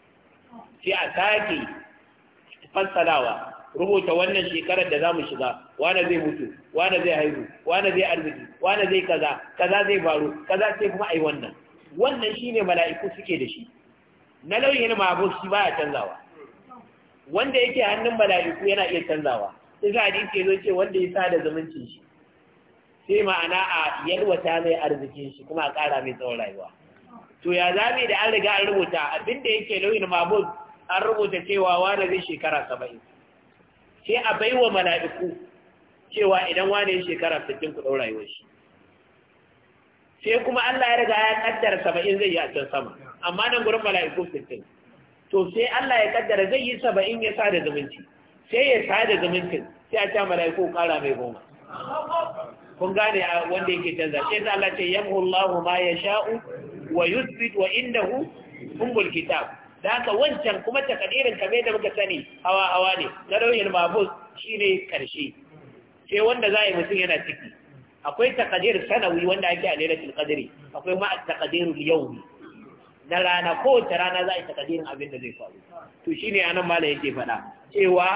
sai a sake fassalawa rubuta wannan shekarar da za mu shiga wane zai mutu wane zai haihu wane zai arziki wane zai kaza kaza zai faru kaza sai kuma ai wannan wannan shine mala'iku suke da shi na lauyin abu shi baya canzawa wanda yake hannun mala'iku yana iya canzawa sai ga hadisi zo ce wanda ya sada zumuncin shi sai ma'ana a yalwata mai arzikin shi kuma a ƙara mai tsawon rayuwa to ya zame da an riga an rubuta abinda yake lauyin abu an rubuta cewa wane zai shekara saba'in sai a bai wa mala'iku cewa idan wane shekara sabbin ku ɗaura rayuwar shi sai kuma Allah ya riga ya kaddara saba'in zai yi a can sama amma nan gurin mala'iku sittin to sai Allah ya kaddara zai yi saba'in ya sa da zumunci sai ya sa da zumunci sai a ce mala'iku ƙara mai goma kun gane a wanda yake canza sai Allah ce yamhu Allahu ma sha'u wa Yusuf, wa indahu ummul kitab da haka wancan kuma takadirin kamar da muka sani hawa hawa ne na nauyin mabus ne ƙarshe. sai wanda za a yi mutum yana ciki akwai takadir sanawi wanda ake a lera tilkadiri akwai ma yau ne. na rana ko ta rana za a yi takadirin abin da zai faru to shi ne anan mala yake faɗa cewa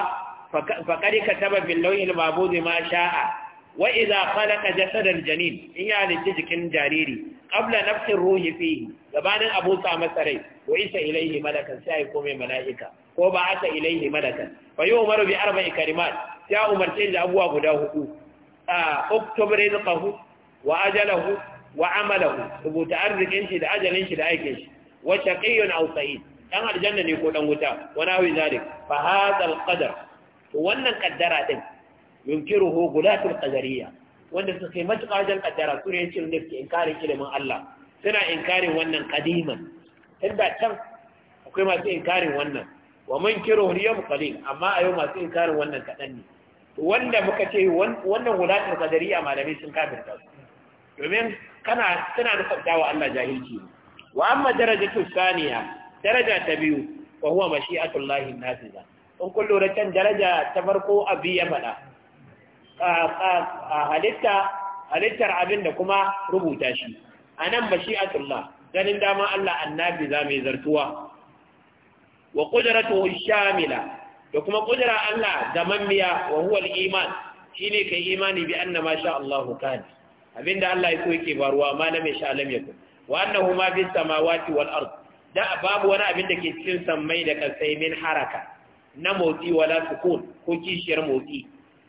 fakari ka taba lawhil mabud ma sha'a wa idza khalaqa jasadal janin in ya halitta jikin jariri qabla nafsin ruhi fihi gabanin abu sa masa rai wa isa ilaihi malakan sai ko mai malaika ko ba asa ilaihi malakan fa yu'maru bi arba'i kalimat ya umarce da abuwa guda hudu a oktobre rizqahu wa ajalahu wa amalahu rubuta arzikin shi da ajalin shi da aikin shi wa shaqiyyun aw sa'id dan aljanna ne ko dan wuta wa nawi zalik fa hadha alqadar to wannan kaddara din yunkiruhu gulatul qadariyya wanda suka kai matuƙa wajen kaddara su ne cin da suke inkarin ilimin Allah suna inkarin wannan qadiman tunda can akwai masu inkarin wannan wa man kiruhu yawm qalil amma a yau masu inkarin wannan kadan ne wanda muka ce wannan gulatul a malami sun kafirta su domin kana suna nufanta wa Allah jahilci wa amma darajatu saniya daraja ta biyu wa huwa mashi'atullahi nafiza in kun lura can daraja ta farko abi ya faɗa halitta halittar abin da kuma rubuta shi a anan mashi'atullah ganin dama Allah annabi za mai zartuwa wa qudratuhu shamila da kuma qudra Allah da wa huwa al-iman shine kai imani bi anna ma sha Allah kana abinda Allah yake yake baruwa ma lam sha lam yakun wa annahu ma fi samawati wal ard da babu wani abin da ke cikin sammai da kasai min haraka na motsi wala sukun ko kishiyar motsi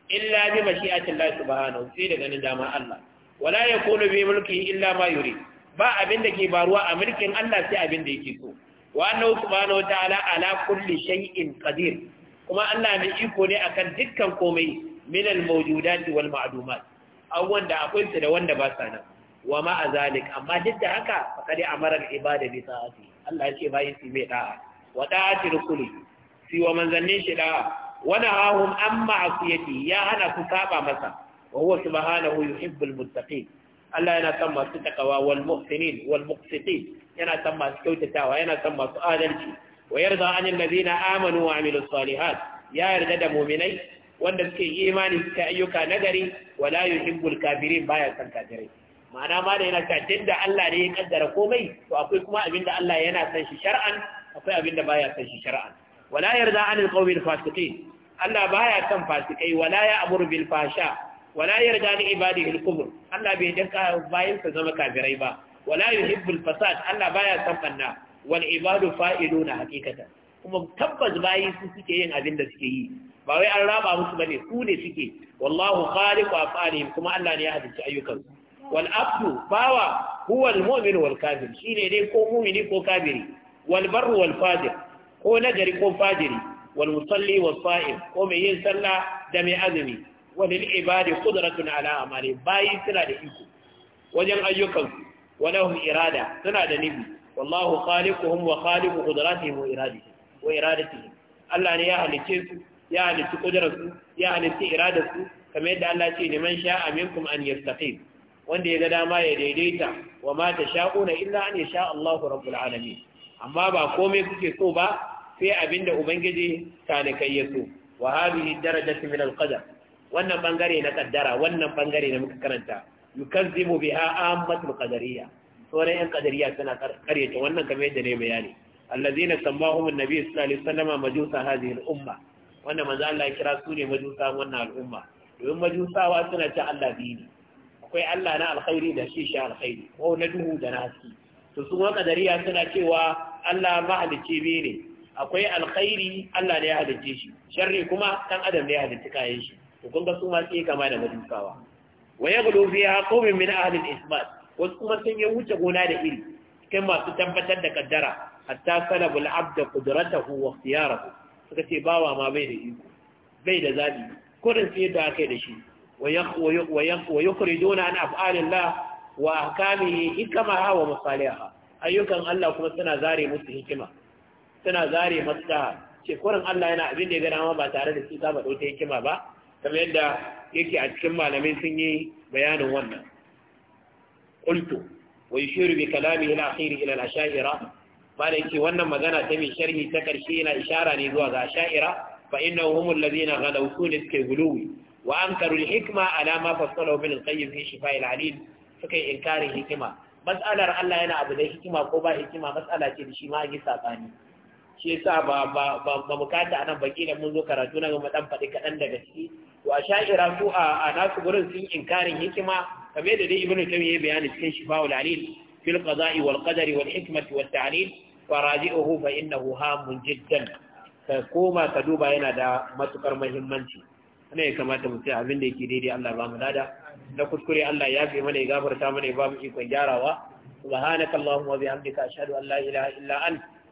illa bi mashi'atin Allah subhanahu sai da ganin dama Allah wala yakunu bi mulki illa ma yuri ba abin da ke baruwa a mulkin Allah sai abin da yake so wa annahu subhanahu ta'ala ala kulli shay'in qadir kuma Allah mai iko ne akan dukkan komai min al-mawjudat wal ma'dumat aw da akwai su da wanda ba sa nan wa ma azalik amma duk da haka faqad amara al-ibada bi sa'ati Allah ya ce bayin su mai da'a wa ta'ati rusuli fi wa manzannin shi da'a wani hahun an ma'asiyati ya hana su saba masa wa huwa subhanahu yuhibbul muttaqin Allah yana son masu takawa wal muhsinin yana son masu kyautatawa yana son masu adalci wa yarda anil ladina amanu wa amilus salihat ya yarda da mu'minai wanda suke imani suke ayyuka nagari wala yuhibbul kafirin baya son kafirai ma'ana ma da da Allah ne ya kaddara komai to akwai kuma abin da Allah yana son shi shar'an akwai abin da baya son shi shar'an wala yarda anil qawmil fasiqin Allah baya kan fasikai wala ya amuru bil fasha wala yarda li ibadihi al kufr Allah bai danka bayin sa zama kafirai ba wala yuhibbul fasad Allah baya san banna wal ibadu fa'iluna haqiqatan kuma tabbas bayi su suke yin abin da suke yi Bawai an raba musu bane su ne suke wallahu khaliqu afalihim kuma Allah ne ya halicci ayyukansu wal abdu bawa huwa mu'min wal kafir shine dai ko mu'mini ko kafiri wal barru wal fajir ko nagari ko fajiri wal musalli was sa'im ko mai yin sallah da mai azumi wa lil ibadi qudratun ala amali bayi suna da iko wajen ayyukan wa lahum irada suna da nibi wallahu khaliquhum wa khaliqu qudratihim wa iradatihim wa iradatihim Allah ne ya halice su ya halici kudrarsu ya halici iradarsu kamar yadda Allah ce liman sha'a minkum an yastaqim wanda ya ga dama ya daidaita wa ma ta sha'una illa an yasha Allahu rabbul alamin amma ba komai kuke so ba sai abinda ubangiji talikai ya so wa hadhihi darajatu min al-qadar wannan bangare na kaddara wannan bangare na muka karanta yukazzibu biha ammatul qadariyya sauran yan kadariya suna karyata wannan kamar yadda ne bayani allazina sammahum annabi sallallahu alaihi wasallam majusa hadhihi al-umma wannan manzo Allah ya kira su ne majusa wannan al'umma domin majusawa suna ta Allah biyu ne akwai Allah na alkhairi da shi shi alkhairi ko na duhu da na haske to su wa kadariya suna cewa Allah mahalicci biyu ne akwai alkhairi Allah ne ya halicce shi sharri kuma dan adam ne ya halicci kayan shi to kun ga su ma sai kama da majusawa wa yaghlu fiha qawmin min ahli al Ismat. wasu kuma sun wuce gona da iri kai masu tabbatar da kaddara hatta salabul abd qudratahu wa ikhtiyarahu suka ce bawa ma bai da iko bai da zabi kurin sai da kai da shi wa yukhrijuna an af'alillah wa ahkamihi hikamaha wa masalihaha ayyukan Allah kuma suna zare musu hikima suna zare masa ce Allah yana abin da ya gana ba tare da su saba ɗauta hikima ba kamar yadda yake a cikin malamin sun yi bayanin wannan qultu wai shiru bi kalami yana akhir ila sha'ira, ba da yake wannan magana ta mai sharhi ta karshe yana ishara ne zuwa ga sha'ira fa innahu humul ladina ghalaw ne suke guluwi wa an al-hikma alama fasalau bin fi shifa' al suka yi inkarin hikima mas'alar Allah yana abu da hikima ko ba hikima mas'ala ce da shi ma a gisa tsani. shi yasa ba ba anan ba ki baki da mun zo karatu na ga ɗan faɗi kaɗan daga ciki to a sha'ira su a nasu gurin sun inkarin hikima kamar da dai ibnu ya bayani cikin shifa'ul alil fil qada'i wal qadari wal hikmati wat ta'lil faraji'uhu fa innahu hamun jiddan ka koma ka duba yana da matukar muhimmanci ana ya kamata mu sai abin da yake daidai Allah ba mu lada da kuskure Allah ya fi mana ya gafarta mana ya ba mu ikon gyarawa subhanaka allahumma wa bihamdika ashhadu an la ilaha illa anta